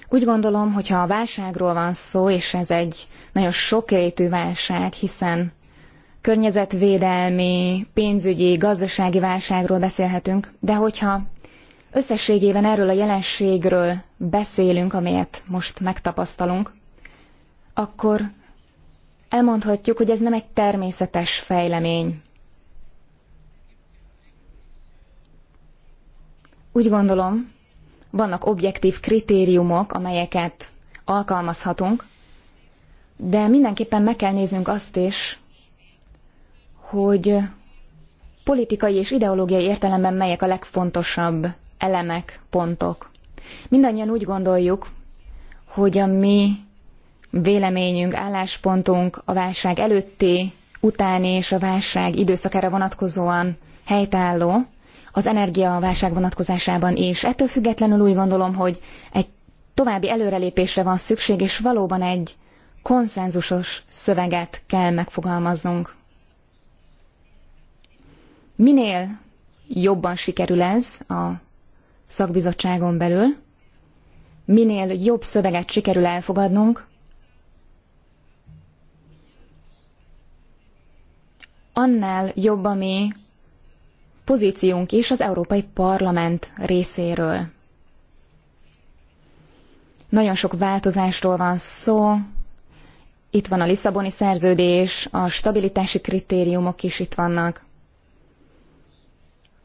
úgy gondolom, hogy ha a válságról van szó, és ez egy nagyon sokrétű válság, hiszen környezetvédelmi, pénzügyi, gazdasági válságról beszélhetünk, de hogyha összességében erről a jelenségről beszélünk, amelyet most megtapasztalunk, akkor elmondhatjuk, hogy ez nem egy természetes fejlemény. Úgy gondolom, vannak objektív kritériumok, amelyeket alkalmazhatunk, de mindenképpen meg kell néznünk azt is, hogy politikai és ideológiai értelemben melyek a legfontosabb elemek, pontok. Mindannyian úgy gondoljuk, hogy a mi véleményünk, álláspontunk a válság előtti, utáni és a válság időszakára vonatkozóan helytálló, az energiaválság vonatkozásában is. Ettől függetlenül úgy gondolom, hogy egy további előrelépésre van szükség, és valóban egy konszenzusos szöveget kell megfogalmaznunk. Minél jobban sikerül ez a szakbizottságon belül, minél jobb szöveget sikerül elfogadnunk, annál jobb a mi pozíciónk is az Európai Parlament részéről. Nagyon sok változásról van szó, itt van a Lisszaboni szerződés, a stabilitási kritériumok is itt vannak.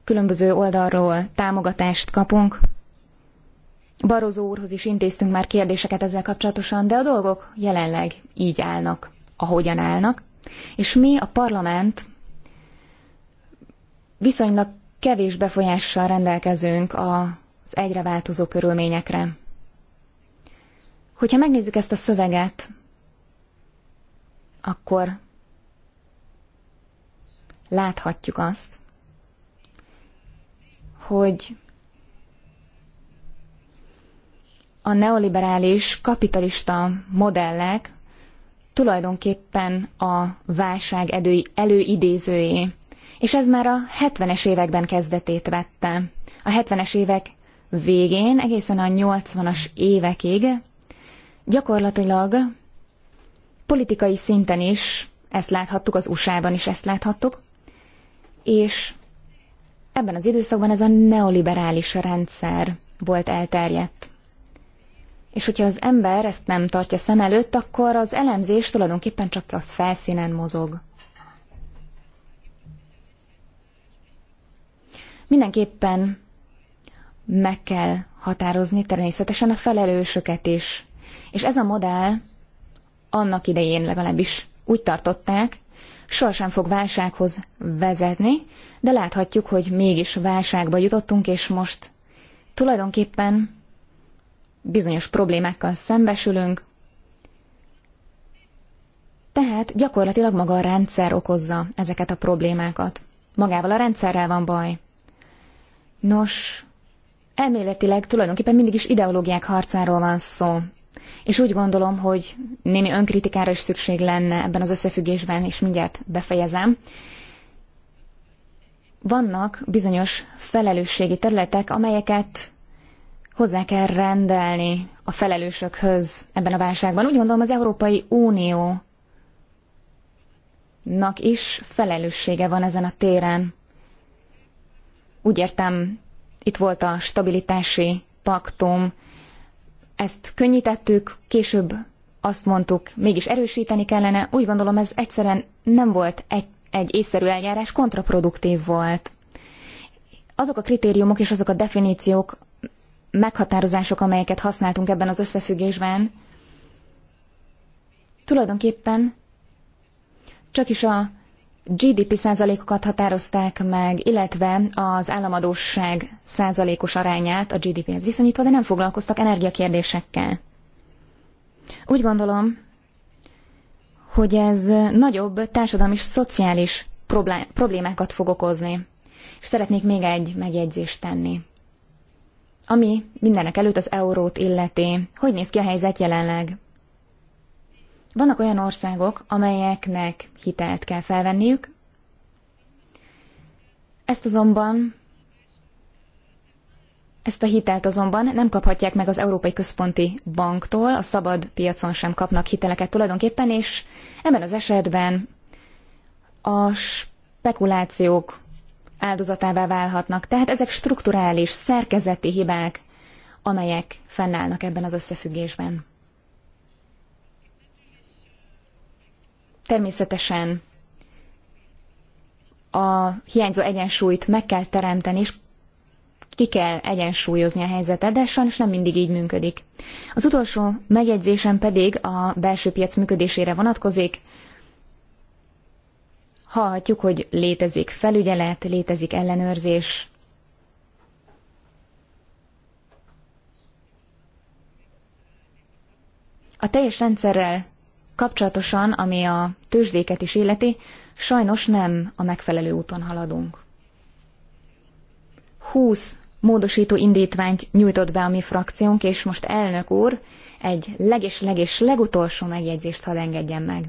Különböző oldalról támogatást kapunk. Barozó úrhoz is intéztünk már kérdéseket ezzel kapcsolatosan, de a dolgok jelenleg így állnak, ahogyan állnak. És mi a parlament viszonylag kevés befolyással rendelkezünk az egyre változó körülményekre. Hogyha megnézzük ezt a szöveget, akkor láthatjuk azt, hogy a neoliberális kapitalista modellek tulajdonképpen a válság elő, előidézőjé. És ez már a 70-es években kezdetét vette. A 70-es évek végén, egészen a 80-as évekig gyakorlatilag politikai szinten is ezt láthattuk, az USA-ban is ezt láthattuk, és ebben az időszakban ez a neoliberális rendszer volt elterjedt és hogyha az ember ezt nem tartja szem előtt, akkor az elemzés tulajdonképpen csak a felszínen mozog. Mindenképpen meg kell határozni természetesen a felelősöket is. És ez a modell annak idején legalábbis úgy tartották, sohasem fog válsághoz vezetni, de láthatjuk, hogy mégis válságba jutottunk, és most tulajdonképpen bizonyos problémákkal szembesülünk, tehát gyakorlatilag maga a rendszer okozza ezeket a problémákat. Magával a rendszerrel van baj. Nos, elméletileg tulajdonképpen mindig is ideológiák harcáról van szó. És úgy gondolom, hogy némi önkritikára is szükség lenne ebben az összefüggésben, és mindjárt befejezem. Vannak bizonyos felelősségi területek, amelyeket hozzá kell rendelni a felelősökhöz ebben a válságban. Úgy gondolom az Európai Uniónak is felelőssége van ezen a téren. Úgy értem, itt volt a stabilitási paktum, ezt könnyítettük, később azt mondtuk, mégis erősíteni kellene. Úgy gondolom ez egyszerűen nem volt egy, egy észszerű eljárás, kontraproduktív volt azok a kritériumok és azok a definíciók, meghatározások, amelyeket használtunk ebben az összefüggésben, tulajdonképpen csak is a GDP százalékokat határozták meg, illetve az államadóság százalékos arányát a GDP-hez viszonyítva, de nem foglalkoztak energiakérdésekkel. Úgy gondolom, hogy ez nagyobb társadalmi és szociális problémákat fog okozni. És szeretnék még egy megjegyzést tenni. Ami mindenek előtt az eurót illeti, hogy néz ki a helyzet jelenleg? Vannak olyan országok, amelyeknek hitelt kell felvenniük, ezt azonban ezt a hitelt azonban nem kaphatják meg az Európai Központi Banktól, a szabad piacon sem kapnak hiteleket tulajdonképpen, és ebben az esetben a spekulációk áldozatává válhatnak. Tehát ezek strukturális, szerkezeti hibák, amelyek fennállnak ebben az összefüggésben. Természetesen a hiányzó egyensúlyt meg kell teremteni, és ki kell egyensúlyozni a helyzetet, de sajnos nem mindig így működik. Az utolsó megjegyzésem pedig a belső piac működésére vonatkozik hallhatjuk, hogy létezik felügyelet, létezik ellenőrzés. A teljes rendszerrel kapcsolatosan, ami a tőzsdéket is életi, sajnos nem a megfelelő úton haladunk. 20 módosító indítványt nyújtott be a mi frakciónk, és most elnök úr, egy leges-leges legutolsó megjegyzést hadd engedjen meg.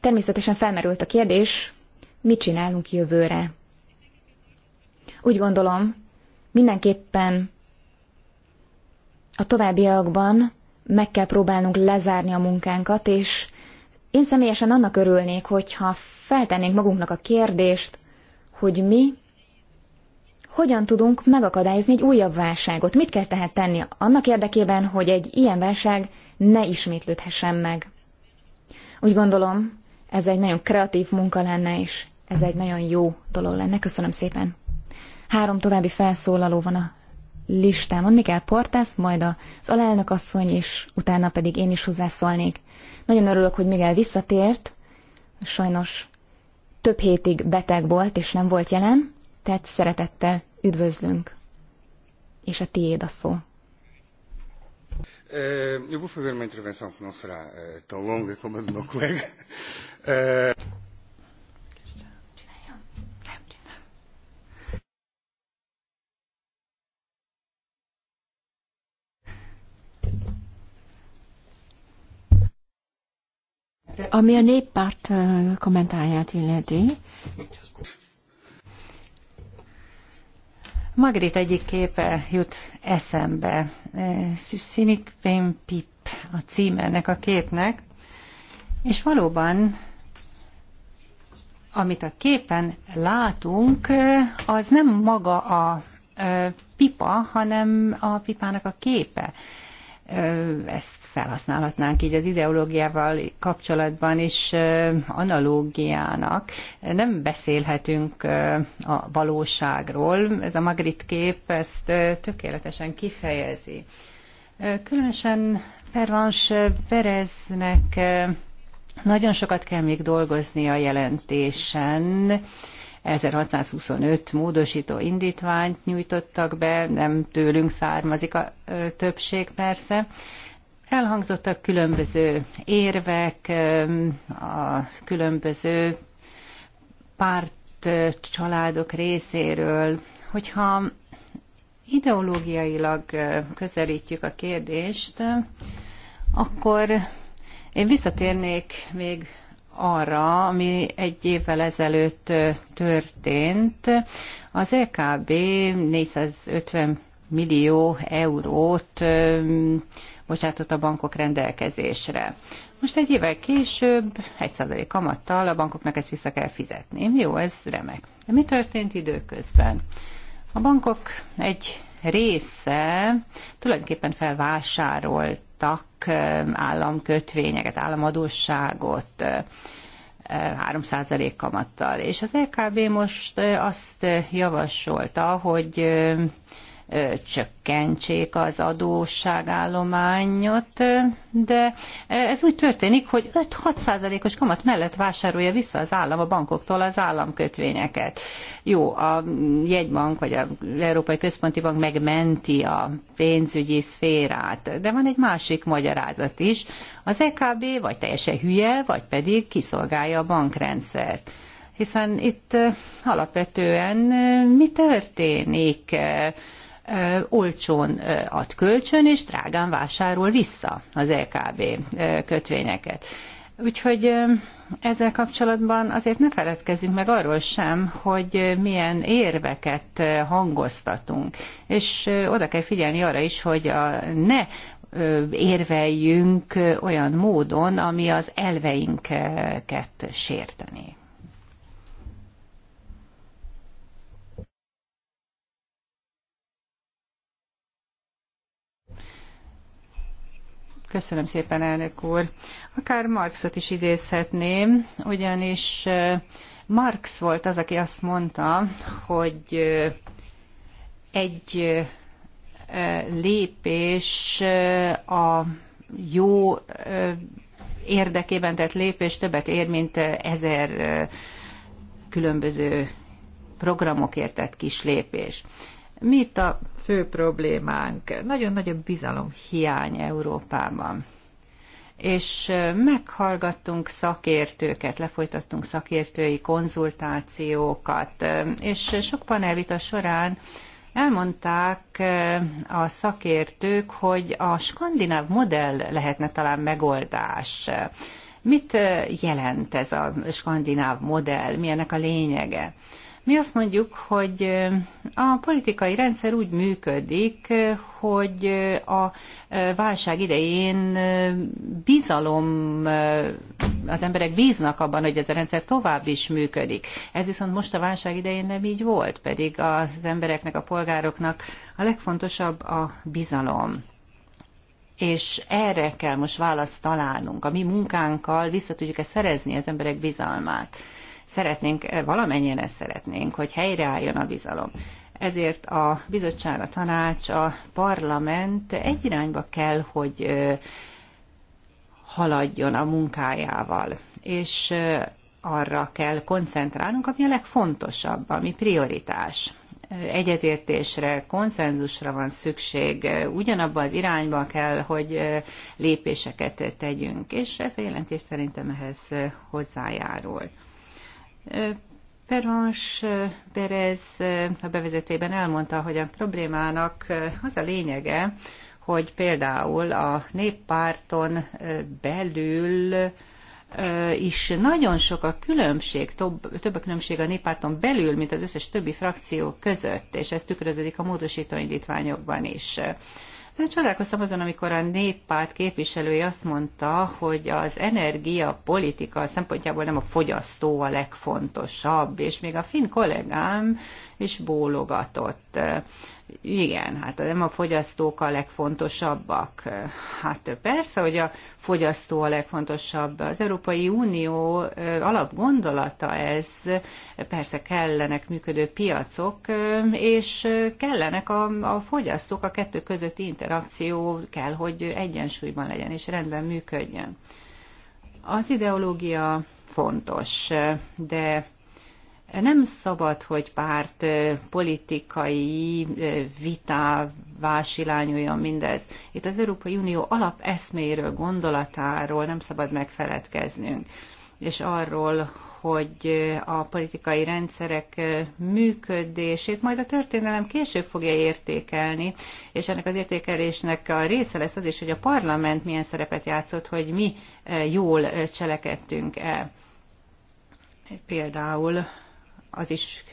Természetesen felmerült a kérdés, mit csinálunk jövőre. Úgy gondolom, mindenképpen a továbbiakban meg kell próbálnunk lezárni a munkánkat, és én személyesen annak örülnék, hogyha feltennénk magunknak a kérdést, hogy mi hogyan tudunk megakadályozni egy újabb válságot. Mit kell tehát tenni annak érdekében, hogy egy ilyen válság ne ismétlődhessen meg? Úgy gondolom, ez egy nagyon kreatív munka lenne, és ez egy nagyon jó dolog lenne. Köszönöm szépen. Három további felszólaló van a listámon. Mikkel Portász, majd az alelnök asszony, és utána pedig én is hozzászólnék. Nagyon örülök, hogy Miguel visszatért. Sajnos több hétig beteg volt, és nem volt jelen, tehát szeretettel üdvözlünk. És a tiéd a szó. Eh, eu vou fazer uma intervenção que não será eh, tão longa como a do meu colega. Eh, Ami a néppárt illeti. Magrit egyik képe jut eszembe. E, Scenic Pain Pip a cím ennek a képnek, és valóban amit a képen látunk, e, az nem maga a e, pipa, hanem a pipának a képe ezt felhasználhatnánk így az ideológiával kapcsolatban is analógiának. Nem beszélhetünk a valóságról, ez a Magritte kép ezt tökéletesen kifejezi. Különösen Pervans Pereznek nagyon sokat kell még dolgozni a jelentésen, 1625 módosító indítványt nyújtottak be, nem tőlünk származik a többség persze. Elhangzottak különböző érvek, a különböző párt családok részéről, hogyha ideológiailag közelítjük a kérdést, akkor én visszatérnék még arra, ami egy évvel ezelőtt történt. Az EKB 450 millió eurót bocsátott a bankok rendelkezésre. Most egy évvel később százalék kamattal a bankoknak ezt vissza kell fizetni. Jó, ez remek. De mi történt időközben? A bankok egy része tulajdonképpen felvásároltak um, államkötvényeket, államadósságot 3% uh, kamattal. És az LKB e most uh, azt uh, javasolta, hogy um, csökkentsék az adósságállományot, de ez úgy történik, hogy 5-6 százalékos kamat mellett vásárolja vissza az állam a bankoktól az államkötvényeket. Jó, a jegybank vagy az Európai Központi Bank megmenti a pénzügyi szférát, de van egy másik magyarázat is. Az EKB vagy teljesen hülye, vagy pedig kiszolgálja a bankrendszert hiszen itt alapvetően mi történik? olcsón ad kölcsön, és drágán vásárol vissza az LKB kötvényeket. Úgyhogy ezzel kapcsolatban azért ne feledkezzünk meg arról sem, hogy milyen érveket hangoztatunk. És oda kell figyelni arra is, hogy a ne érveljünk olyan módon, ami az elveinket sérteni. Köszönöm szépen, elnök úr. Akár Marxot is idézhetném, ugyanis Marx volt az, aki azt mondta, hogy egy lépés a jó érdekében tett lépés többet ér, mint ezer különböző programokért tett kis lépés. Mi itt a fő problémánk? Nagyon nagy a bizalom hiány Európában. És meghallgattunk szakértőket, lefolytattunk szakértői konzultációkat, és sok panelvita során Elmondták a szakértők, hogy a skandináv modell lehetne talán megoldás. Mit jelent ez a skandináv modell? Milyenek a lényege? Mi azt mondjuk, hogy a politikai rendszer úgy működik, hogy a válság idején bizalom, az emberek bíznak abban, hogy ez a rendszer tovább is működik. Ez viszont most a válság idején nem így volt, pedig az embereknek, a polgároknak a legfontosabb a bizalom és erre kell most választ találnunk. A mi munkánkkal vissza tudjuk-e szerezni az emberek bizalmát szeretnénk, eh, valamennyien ezt szeretnénk, hogy helyreálljon a bizalom. Ezért a bizottság, a tanács, a parlament egy irányba kell, hogy eh, haladjon a munkájával. És eh, arra kell koncentrálnunk, ami a legfontosabb, ami prioritás. Egyetértésre, konszenzusra van szükség, Ugyanabban az irányba kell, hogy lépéseket tegyünk, és ez a jelentés szerintem ehhez hozzájárul. Pervans Berez a bevezetében elmondta, hogy a problémának az a lényege, hogy például a néppárton belül is nagyon sok a különbség, több, több a különbség a néppárton belül, mint az összes többi frakció között, és ez tükröződik a módosító indítványokban is. Csodálkoztam azon, amikor a néppárt képviselője azt mondta, hogy az energia politika szempontjából nem a fogyasztó a legfontosabb, és még a finn kollégám és bólogatott. Igen, hát nem a fogyasztók a legfontosabbak. Hát persze, hogy a fogyasztó a legfontosabb. Az Európai Unió alapgondolata ez, persze kellenek működő piacok, és kellenek a, a fogyasztók, a kettő közötti interakció kell, hogy egyensúlyban legyen és rendben működjön. Az ideológia fontos, de nem szabad, hogy párt politikai vitává silányuljon mindez. Itt az Európai Unió alapeszméről, gondolatáról nem szabad megfeledkeznünk, és arról, hogy a politikai rendszerek működését majd a történelem később fogja értékelni, és ennek az értékelésnek a része lesz az is, hogy a parlament milyen szerepet játszott, hogy mi jól cselekedtünk-e. Például az is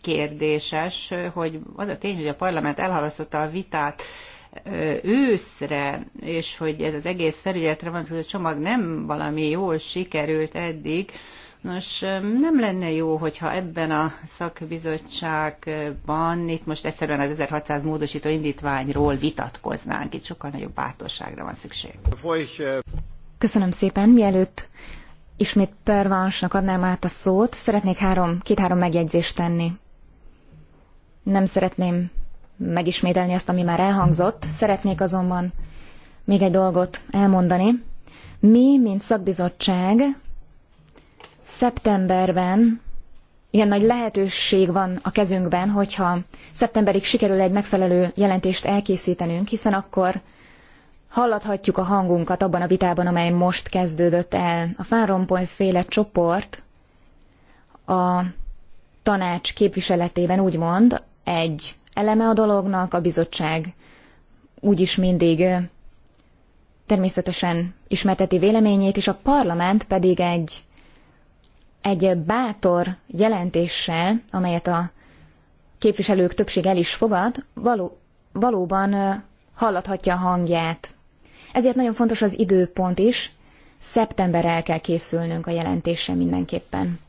kérdéses, hogy az a tény, hogy a parlament elhalasztotta a vitát őszre, és hogy ez az egész felügyeletre a csomag nem valami jól sikerült eddig, Nos, nem lenne jó, hogyha ebben a szakbizottságban itt most egyszerűen az 1600 módosító indítványról vitatkoznánk. Itt sokkal nagyobb bátorságra van szükség. Köszönöm szépen. Mielőtt Ismét Pervansnak adnám át a szót. Szeretnék három, két-három megjegyzést tenni. Nem szeretném megismételni azt, ami már elhangzott. Szeretnék azonban még egy dolgot elmondani. Mi, mint szakbizottság, szeptemberben ilyen nagy lehetőség van a kezünkben, hogyha szeptemberig sikerül egy megfelelő jelentést elkészítenünk, hiszen akkor hallathatjuk a hangunkat abban a vitában, amely most kezdődött el. A Fáronpoly féle csoport a tanács képviseletében úgymond egy eleme a dolognak, a bizottság úgyis mindig természetesen ismerteti véleményét, és a parlament pedig egy, egy bátor jelentéssel, amelyet a képviselők többség el is fogad, való, valóban hallathatja a hangját ezért nagyon fontos az időpont is. Szeptember el kell készülnünk a jelentésre mindenképpen.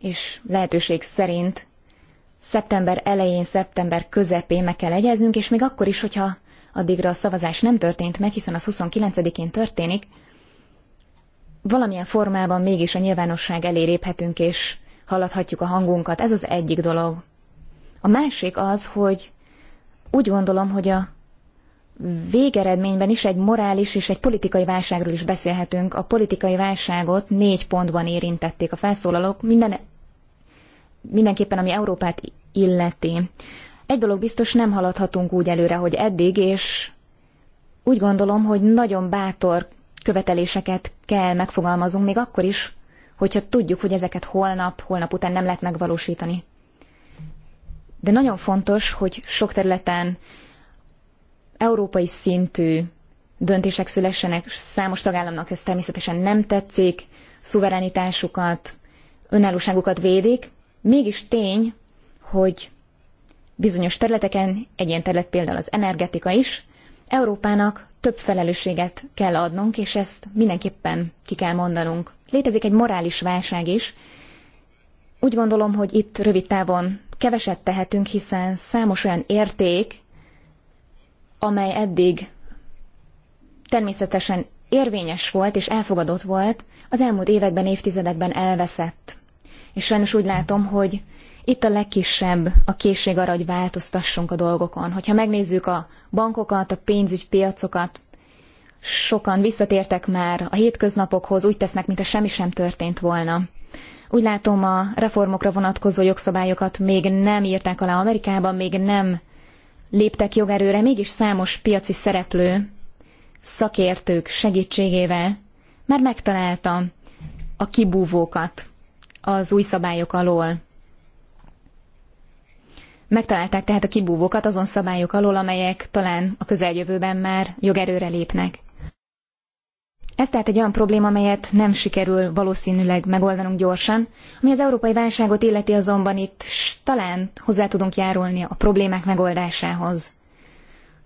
És lehetőség szerint szeptember elején, szeptember közepén meg kell egyeznünk, és még akkor is, hogyha addigra a szavazás nem történt meg, hiszen az 29-én történik, valamilyen formában mégis a nyilvánosság elé réphetünk, és hallathatjuk a hangunkat. Ez az egyik dolog. A másik az, hogy úgy gondolom, hogy a végeredményben is egy morális és egy politikai válságról is beszélhetünk. A politikai válságot négy pontban érintették a felszólalók, minden, mindenképpen ami Európát illeti. Egy dolog biztos, nem haladhatunk úgy előre, hogy eddig, és úgy gondolom, hogy nagyon bátor követeléseket kell megfogalmazunk, még akkor is, hogyha tudjuk, hogy ezeket holnap, holnap után nem lehet megvalósítani. De nagyon fontos, hogy sok területen európai szintű döntések szülessenek, számos tagállamnak ez természetesen nem tetszik, szuverenitásukat, önállóságukat védik, mégis tény, hogy bizonyos területeken, egy ilyen terület például az energetika is, Európának több felelősséget kell adnunk, és ezt mindenképpen ki kell mondanunk. Létezik egy morális válság is. Úgy gondolom, hogy itt rövid távon keveset tehetünk, hiszen számos olyan érték, amely eddig természetesen érvényes volt és elfogadott volt, az elmúlt években, évtizedekben elveszett. És sajnos úgy látom, hogy itt a legkisebb a készség arra, hogy változtassunk a dolgokon. Hogyha megnézzük a bankokat, a pénzügypiacokat, sokan visszatértek már a hétköznapokhoz, úgy tesznek, mintha semmi sem történt volna. Úgy látom, a reformokra vonatkozó jogszabályokat még nem írták alá Amerikában, még nem léptek jogerőre, mégis számos piaci szereplő szakértők segítségével már megtalálta a kibúvókat az új szabályok alól. Megtalálták tehát a kibúvókat azon szabályok alól, amelyek talán a közeljövőben már jogerőre lépnek. Ez tehát egy olyan probléma, amelyet nem sikerül valószínűleg megoldanunk gyorsan. Ami az európai válságot illeti azonban itt talán hozzá tudunk járulni a problémák megoldásához.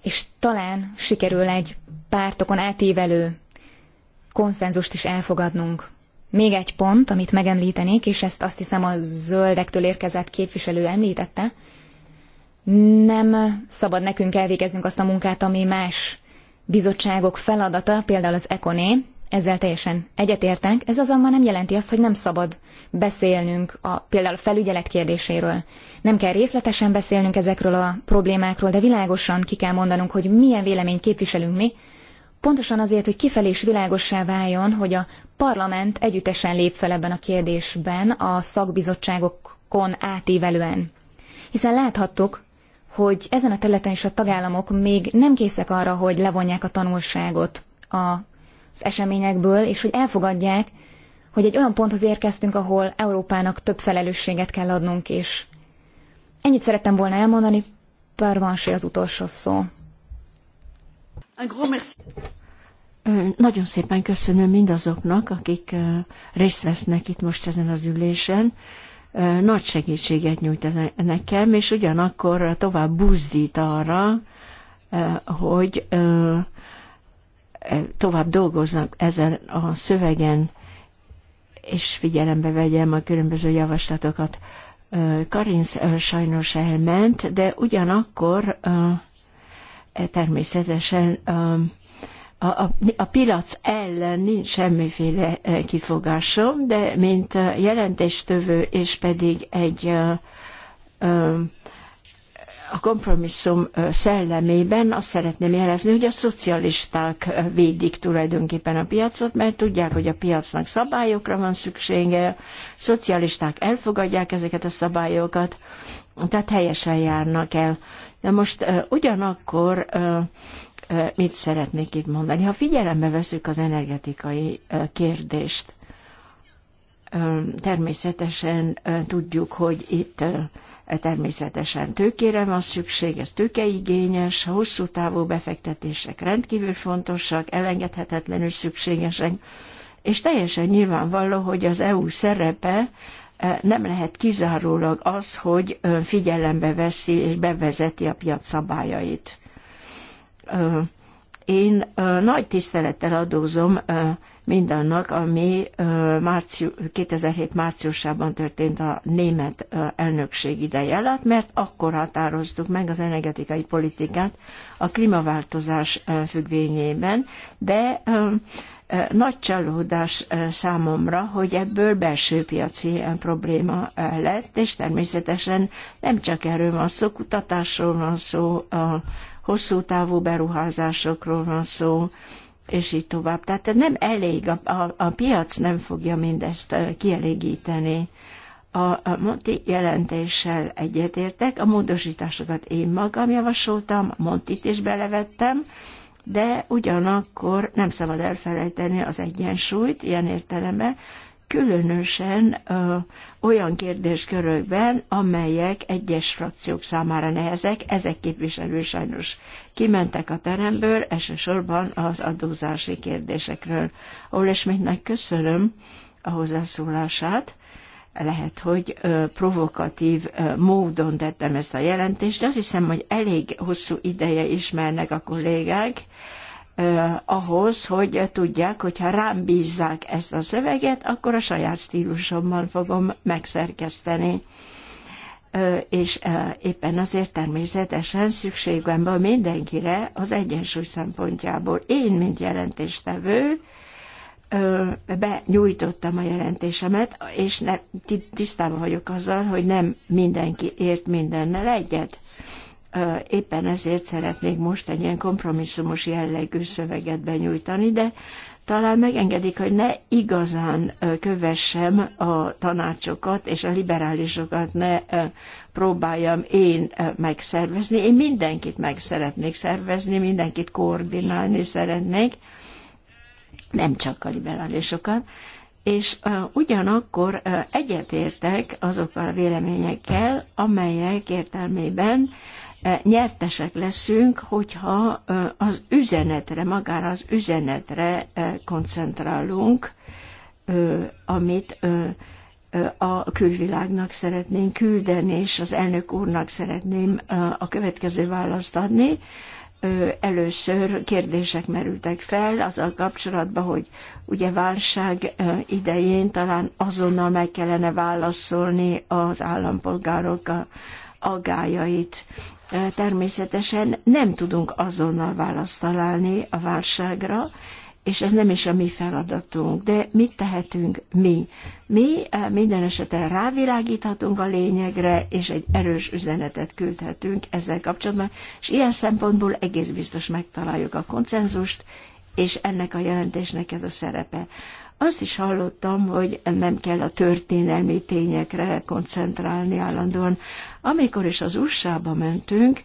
És talán sikerül egy pártokon átívelő konszenzust is elfogadnunk. Még egy pont, amit megemlítenék, és ezt azt hiszem a zöldektől érkezett képviselő említette, nem szabad nekünk elvégeznünk azt a munkát, ami más bizottságok feladata, például az ECONÉ, ezzel teljesen egyetértek, ez azonban nem jelenti azt, hogy nem szabad beszélnünk a, például a felügyelet kérdéséről. Nem kell részletesen beszélnünk ezekről a problémákról, de világosan ki kell mondanunk, hogy milyen véleményt képviselünk mi, pontosan azért, hogy kifelé is világossá váljon, hogy a parlament együttesen lép fel ebben a kérdésben a szakbizottságokon átívelően. Hiszen láthattuk, hogy ezen a területen is a tagállamok még nem készek arra, hogy levonják a tanulságot az eseményekből, és hogy elfogadják, hogy egy olyan ponthoz érkeztünk, ahol Európának több felelősséget kell adnunk, és ennyit szerettem volna elmondani, Pervansi az utolsó szó. Nagyon szépen köszönöm mindazoknak, akik részt vesznek itt most ezen az ülésen nagy segítséget nyújt ez nekem, és ugyanakkor tovább buzdít arra, hogy tovább dolgoznak ezen a szövegen, és figyelembe vegyem a különböző javaslatokat. Karinc sajnos elment, de ugyanakkor természetesen a, a, a piac ellen nincs semmiféle eh, kifogásom, de mint eh, jelentéstövő és pedig egy eh, a kompromisszum szellemében azt szeretném jelezni, hogy a szocialisták védik tulajdonképpen a piacot, mert tudják, hogy a piacnak szabályokra van szüksége, a szocialisták elfogadják ezeket a szabályokat, tehát helyesen járnak el. De most ugyanakkor mit szeretnék itt mondani. Ha figyelembe veszük az energetikai kérdést, természetesen tudjuk, hogy itt természetesen tőkére van szükség, ez tőkeigényes, hosszú távú befektetések rendkívül fontosak, elengedhetetlenül szükségesek, és teljesen nyilvánvaló, hogy az EU szerepe nem lehet kizárólag az, hogy figyelembe veszi és bevezeti a piac szabályait. Én nagy tisztelettel adózom mindannak, ami márciu, 2007 márciusában történt a német elnökség ideje alatt, mert akkor határoztuk meg az energetikai politikát a klímaváltozás függvényében, de nagy csalódás számomra, hogy ebből belső piaci probléma lett, és természetesen nem csak erről van szó, kutatásról van szó, hosszú távú beruházásokról van szó, és így tovább. Tehát nem elég, a, a, a piac nem fogja mindezt kielégíteni. A, a Monti jelentéssel egyetértek, a módosításokat én magam javasoltam, a Montit is belevettem, de ugyanakkor nem szabad elfelejteni az egyensúlyt ilyen értelemben, különösen ö, olyan kérdéskörökben, amelyek egyes frakciók számára nehezek, ezek képviselő sajnos kimentek a teremből, elsősorban az adózási kérdésekről. Olesménynek köszönöm a hozzászólását, lehet, hogy ö, provokatív ö, módon tettem ezt a jelentést, de azt hiszem, hogy elég hosszú ideje ismernek a kollégák, ahhoz, hogy tudják, hogy ha rám bízzák ezt a szöveget, akkor a saját stílusommal fogom megszerkeszteni. És éppen azért természetesen szükségem van mindenkire az egyensúly szempontjából. Én, mint jelentéstevő, benyújtottam a jelentésemet, és tisztában vagyok azzal, hogy nem mindenki ért mindennel egyet. Éppen ezért szeretnék most egy ilyen kompromisszumos jellegű szöveget benyújtani, de talán megengedik, hogy ne igazán kövessem a tanácsokat, és a liberálisokat ne próbáljam én megszervezni. Én mindenkit meg szeretnék szervezni, mindenkit koordinálni szeretnék, nem csak a liberálisokat. És ugyanakkor egyetértek azokkal a véleményekkel, amelyek értelmében nyertesek leszünk, hogyha az üzenetre, magára az üzenetre koncentrálunk, amit a külvilágnak szeretnénk küldeni, és az elnök úrnak szeretném a következő választ adni. Először kérdések merültek fel azzal kapcsolatban, hogy ugye válság idején talán azonnal meg kellene válaszolni az állampolgárok aggájait természetesen nem tudunk azonnal választ találni a válságra, és ez nem is a mi feladatunk, de mit tehetünk mi? Mi minden esetben rávilágíthatunk a lényegre, és egy erős üzenetet küldhetünk ezzel kapcsolatban, és ilyen szempontból egész biztos megtaláljuk a konszenzust, és ennek a jelentésnek ez a szerepe. Azt is hallottam, hogy nem kell a történelmi tényekre koncentrálni állandóan. Amikor is az USA-ba mentünk,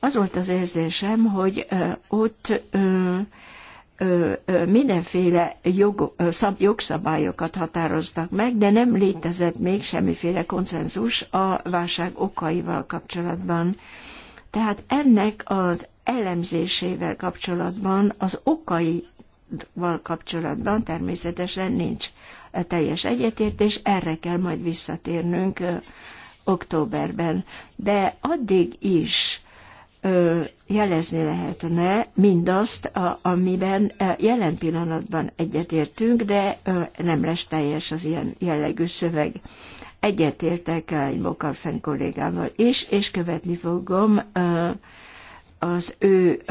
az volt az érzésem, hogy ott mindenféle jog, szab, jogszabályokat határoztak meg, de nem létezett még semmiféle konszenzus a válság okaival kapcsolatban. Tehát ennek az elemzésével kapcsolatban az okai val kapcsolatban természetesen nincs teljes egyetértés, erre kell majd visszatérnünk októberben. De addig is ö, jelezni lehetne mindazt, a, amiben jelen pillanatban egyetértünk, de ö, nem lesz teljes az ilyen jellegű szöveg. Egyetértek egy Bokarfen kollégával is, és követni fogom ö, az ő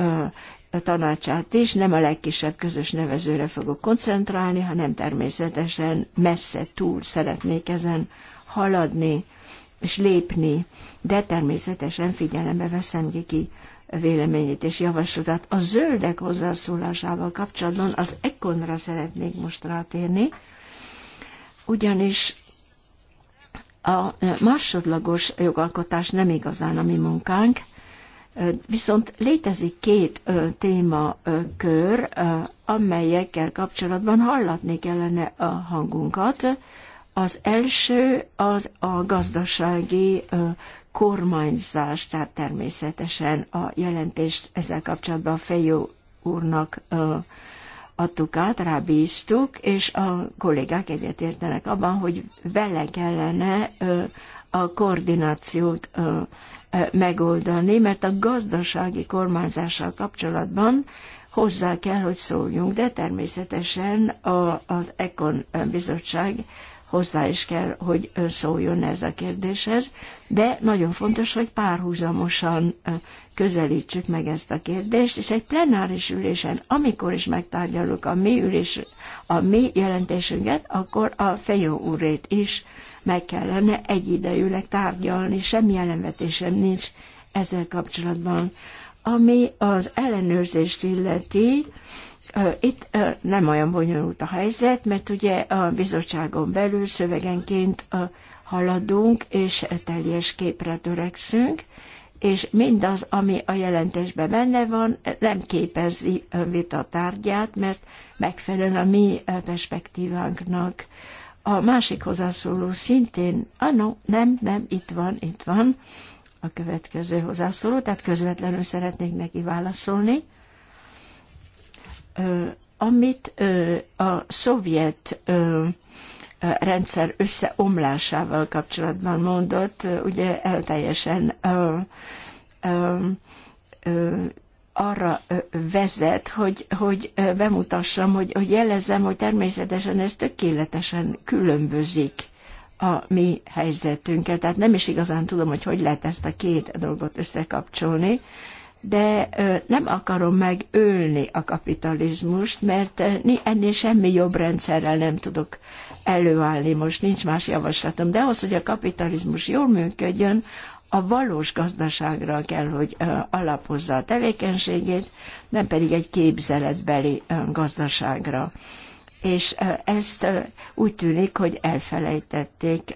tanácsát is, nem a legkisebb közös nevezőre fogok koncentrálni, hanem természetesen messze túl szeretnék ezen haladni és lépni, de természetesen figyelembe veszem ki véleményét és javaslatát. A zöldek hozzászólásával kapcsolatban az ekkonra szeretnék most rátérni, ugyanis a másodlagos jogalkotás nem igazán a mi munkánk, Viszont létezik két témakör, amelyekkel kapcsolatban hallatni kellene a hangunkat. Az első az a gazdasági kormányzás, tehát természetesen a jelentést ezzel kapcsolatban Fejó úrnak adtuk át, rábíztuk, és a kollégák egyetértenek abban, hogy vele kellene a koordinációt megoldani, mert a gazdasági kormányzással kapcsolatban hozzá kell, hogy szóljunk, de természetesen az Ekon bizottság hozzá is kell, hogy szóljon ez a kérdéshez, de nagyon fontos, hogy párhuzamosan közelítsük meg ezt a kérdést, és egy plenáris ülésen, amikor is megtárgyaljuk a mi, ülés, a mi jelentésünket, akkor a fejó úrét is meg kellene egyidejűleg tárgyalni, semmi ellenvetésem nincs ezzel kapcsolatban. Ami az ellenőrzést illeti, itt nem olyan bonyolult a helyzet, mert ugye a bizottságon belül szövegenként haladunk, és teljes képre törekszünk, és mindaz, ami a jelentésben benne van, nem képezi vita tárgyát, mert megfelel a mi perspektívánknak. A másik hozzászóló szintén, ah, no, nem, nem, itt van, itt van a következő hozzászóló, tehát közvetlenül szeretnék neki válaszolni amit a szovjet rendszer összeomlásával kapcsolatban mondott, ugye elteljesen arra vezet, hogy, hogy bemutassam, hogy, hogy jelezem, hogy természetesen ez tökéletesen különbözik a mi helyzetünkkel. Tehát nem is igazán tudom, hogy hogy lehet ezt a két dolgot összekapcsolni de nem akarom megölni a kapitalizmust, mert ennél semmi jobb rendszerrel nem tudok előállni, most nincs más javaslatom. De ahhoz, hogy a kapitalizmus jól működjön, a valós gazdaságra kell, hogy alapozza a tevékenységét, nem pedig egy képzeletbeli gazdaságra. És ezt úgy tűnik, hogy elfelejtették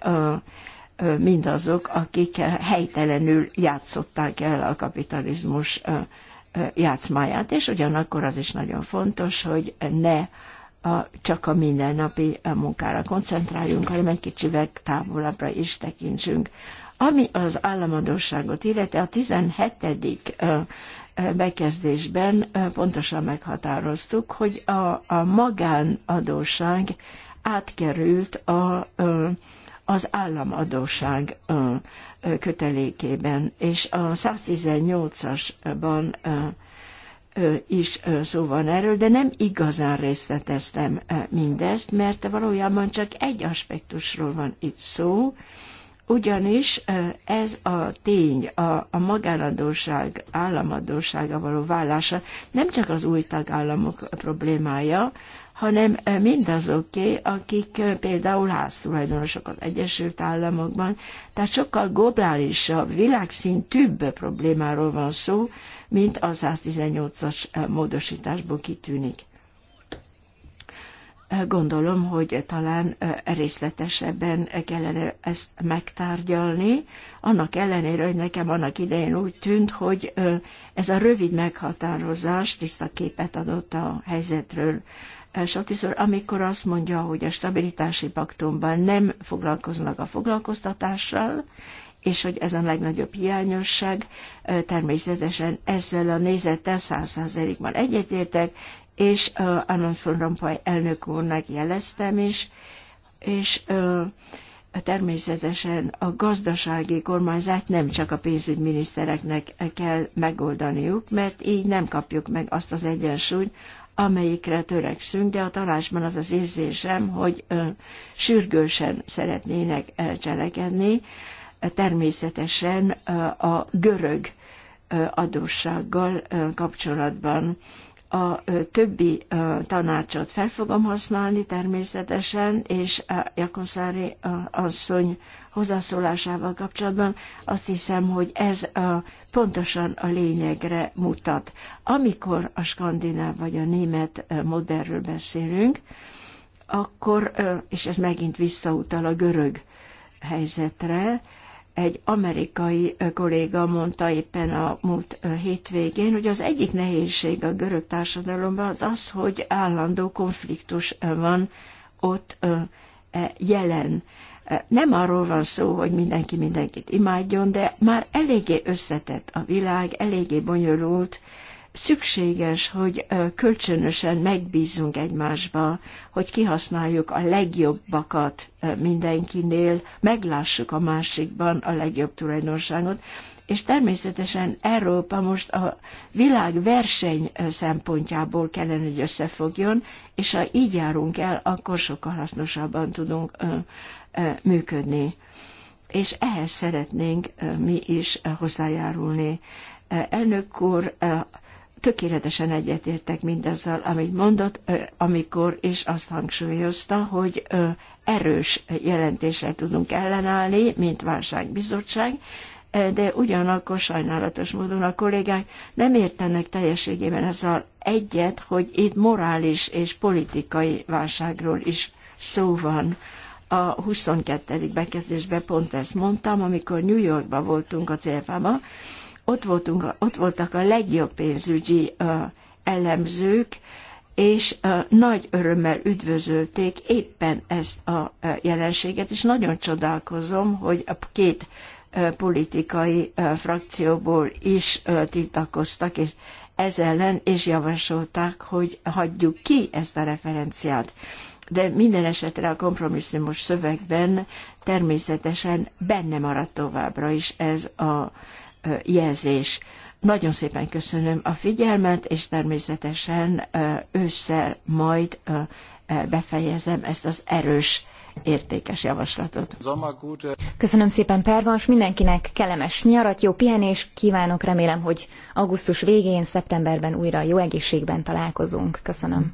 mindazok, akik helytelenül játszották el a kapitalizmus játszmáját, és ugyanakkor az is nagyon fontos, hogy ne a, csak a mindennapi munkára koncentráljunk, hanem egy kicsivel távolabbra is tekintsünk. Ami az államadóságot illeti, a 17. bekezdésben pontosan meghatároztuk, hogy a, a magánadóság átkerült a, a az államadóság kötelékében, és a 118-asban is szó van erről, de nem igazán részleteztem mindezt, mert valójában csak egy aspektusról van itt szó, ugyanis ez a tény, a, a magánadóság, államadósága való vállása nem csak az új tagállamok problémája, hanem eh, mindazoké, akik eh, például háztulajdonosok az Egyesült Államokban. Tehát sokkal globálisabb, világszintűbb problémáról van szó, mint a 118-as eh, módosításból kitűnik. Gondolom, hogy talán részletesebben kellene ezt megtárgyalni, annak ellenére, hogy nekem annak idején úgy tűnt, hogy ez a rövid meghatározás tiszta képet adott a helyzetről. Sokszor, amikor azt mondja, hogy a stabilitási paktumban nem foglalkoznak a foglalkoztatással, és hogy ez a legnagyobb hiányosság, természetesen ezzel a nézettel százszerzelékban egyetértek, és uh, Anand von Rompuy elnök úrnak jeleztem is, és uh, természetesen a gazdasági kormányzát nem csak a pénzügyminisztereknek kell megoldaniuk, mert így nem kapjuk meg azt az egyensúlyt, amelyikre törekszünk, de a tanácsban az az érzésem, hogy ö, sürgősen szeretnének cselekedni, természetesen a görög adóssággal kapcsolatban. A többi tanácsot fel fogom használni természetesen, és Jakonszári asszony hozzászólásával kapcsolatban azt hiszem, hogy ez a, pontosan a lényegre mutat. Amikor a skandináv vagy a német modellről beszélünk, akkor, és ez megint visszautal a görög helyzetre, egy amerikai kolléga mondta éppen a múlt hétvégén, hogy az egyik nehézség a görög társadalomban az az, hogy állandó konfliktus van ott e, jelen. Nem arról van szó, hogy mindenki mindenkit imádjon, de már eléggé összetett a világ, eléggé bonyolult, szükséges, hogy kölcsönösen megbízunk egymásba, hogy kihasználjuk a legjobbakat mindenkinél, meglássuk a másikban a legjobb tulajdonságot, és természetesen Európa most a világ verseny szempontjából kellene, hogy összefogjon, és ha így járunk el, akkor sokkal hasznosabban tudunk ö, ö, működni. És ehhez szeretnénk ö, mi is hozzájárulni. Elnök úr, tökéletesen egyetértek mindezzel, amit mondott, amikor is azt hangsúlyozta, hogy erős jelentéssel tudunk ellenállni, mint válságbizottság, de ugyanakkor sajnálatos módon a kollégák nem értenek teljességében ezzel egyet, hogy itt morális és politikai válságról is szó van. A 22. bekezdésben pont ezt mondtam, amikor New Yorkba voltunk az EFA-ba, ott, voltunk, ott voltak a legjobb pénzügyi uh, elemzők, és uh, nagy örömmel üdvözölték éppen ezt a uh, jelenséget, és nagyon csodálkozom, hogy a két politikai frakcióból is tiltakoztak, és ez ellen, és javasolták, hogy hagyjuk ki ezt a referenciát. De minden esetre a kompromisszumos szövegben természetesen benne maradt továbbra is ez a jelzés. Nagyon szépen köszönöm a figyelmet, és természetesen ősszel majd befejezem ezt az erős értékes javaslatot. Köszönöm szépen, Pervans, mindenkinek kellemes nyarat, jó pihenést kívánok, remélem, hogy augusztus végén, szeptemberben újra jó egészségben találkozunk. Köszönöm.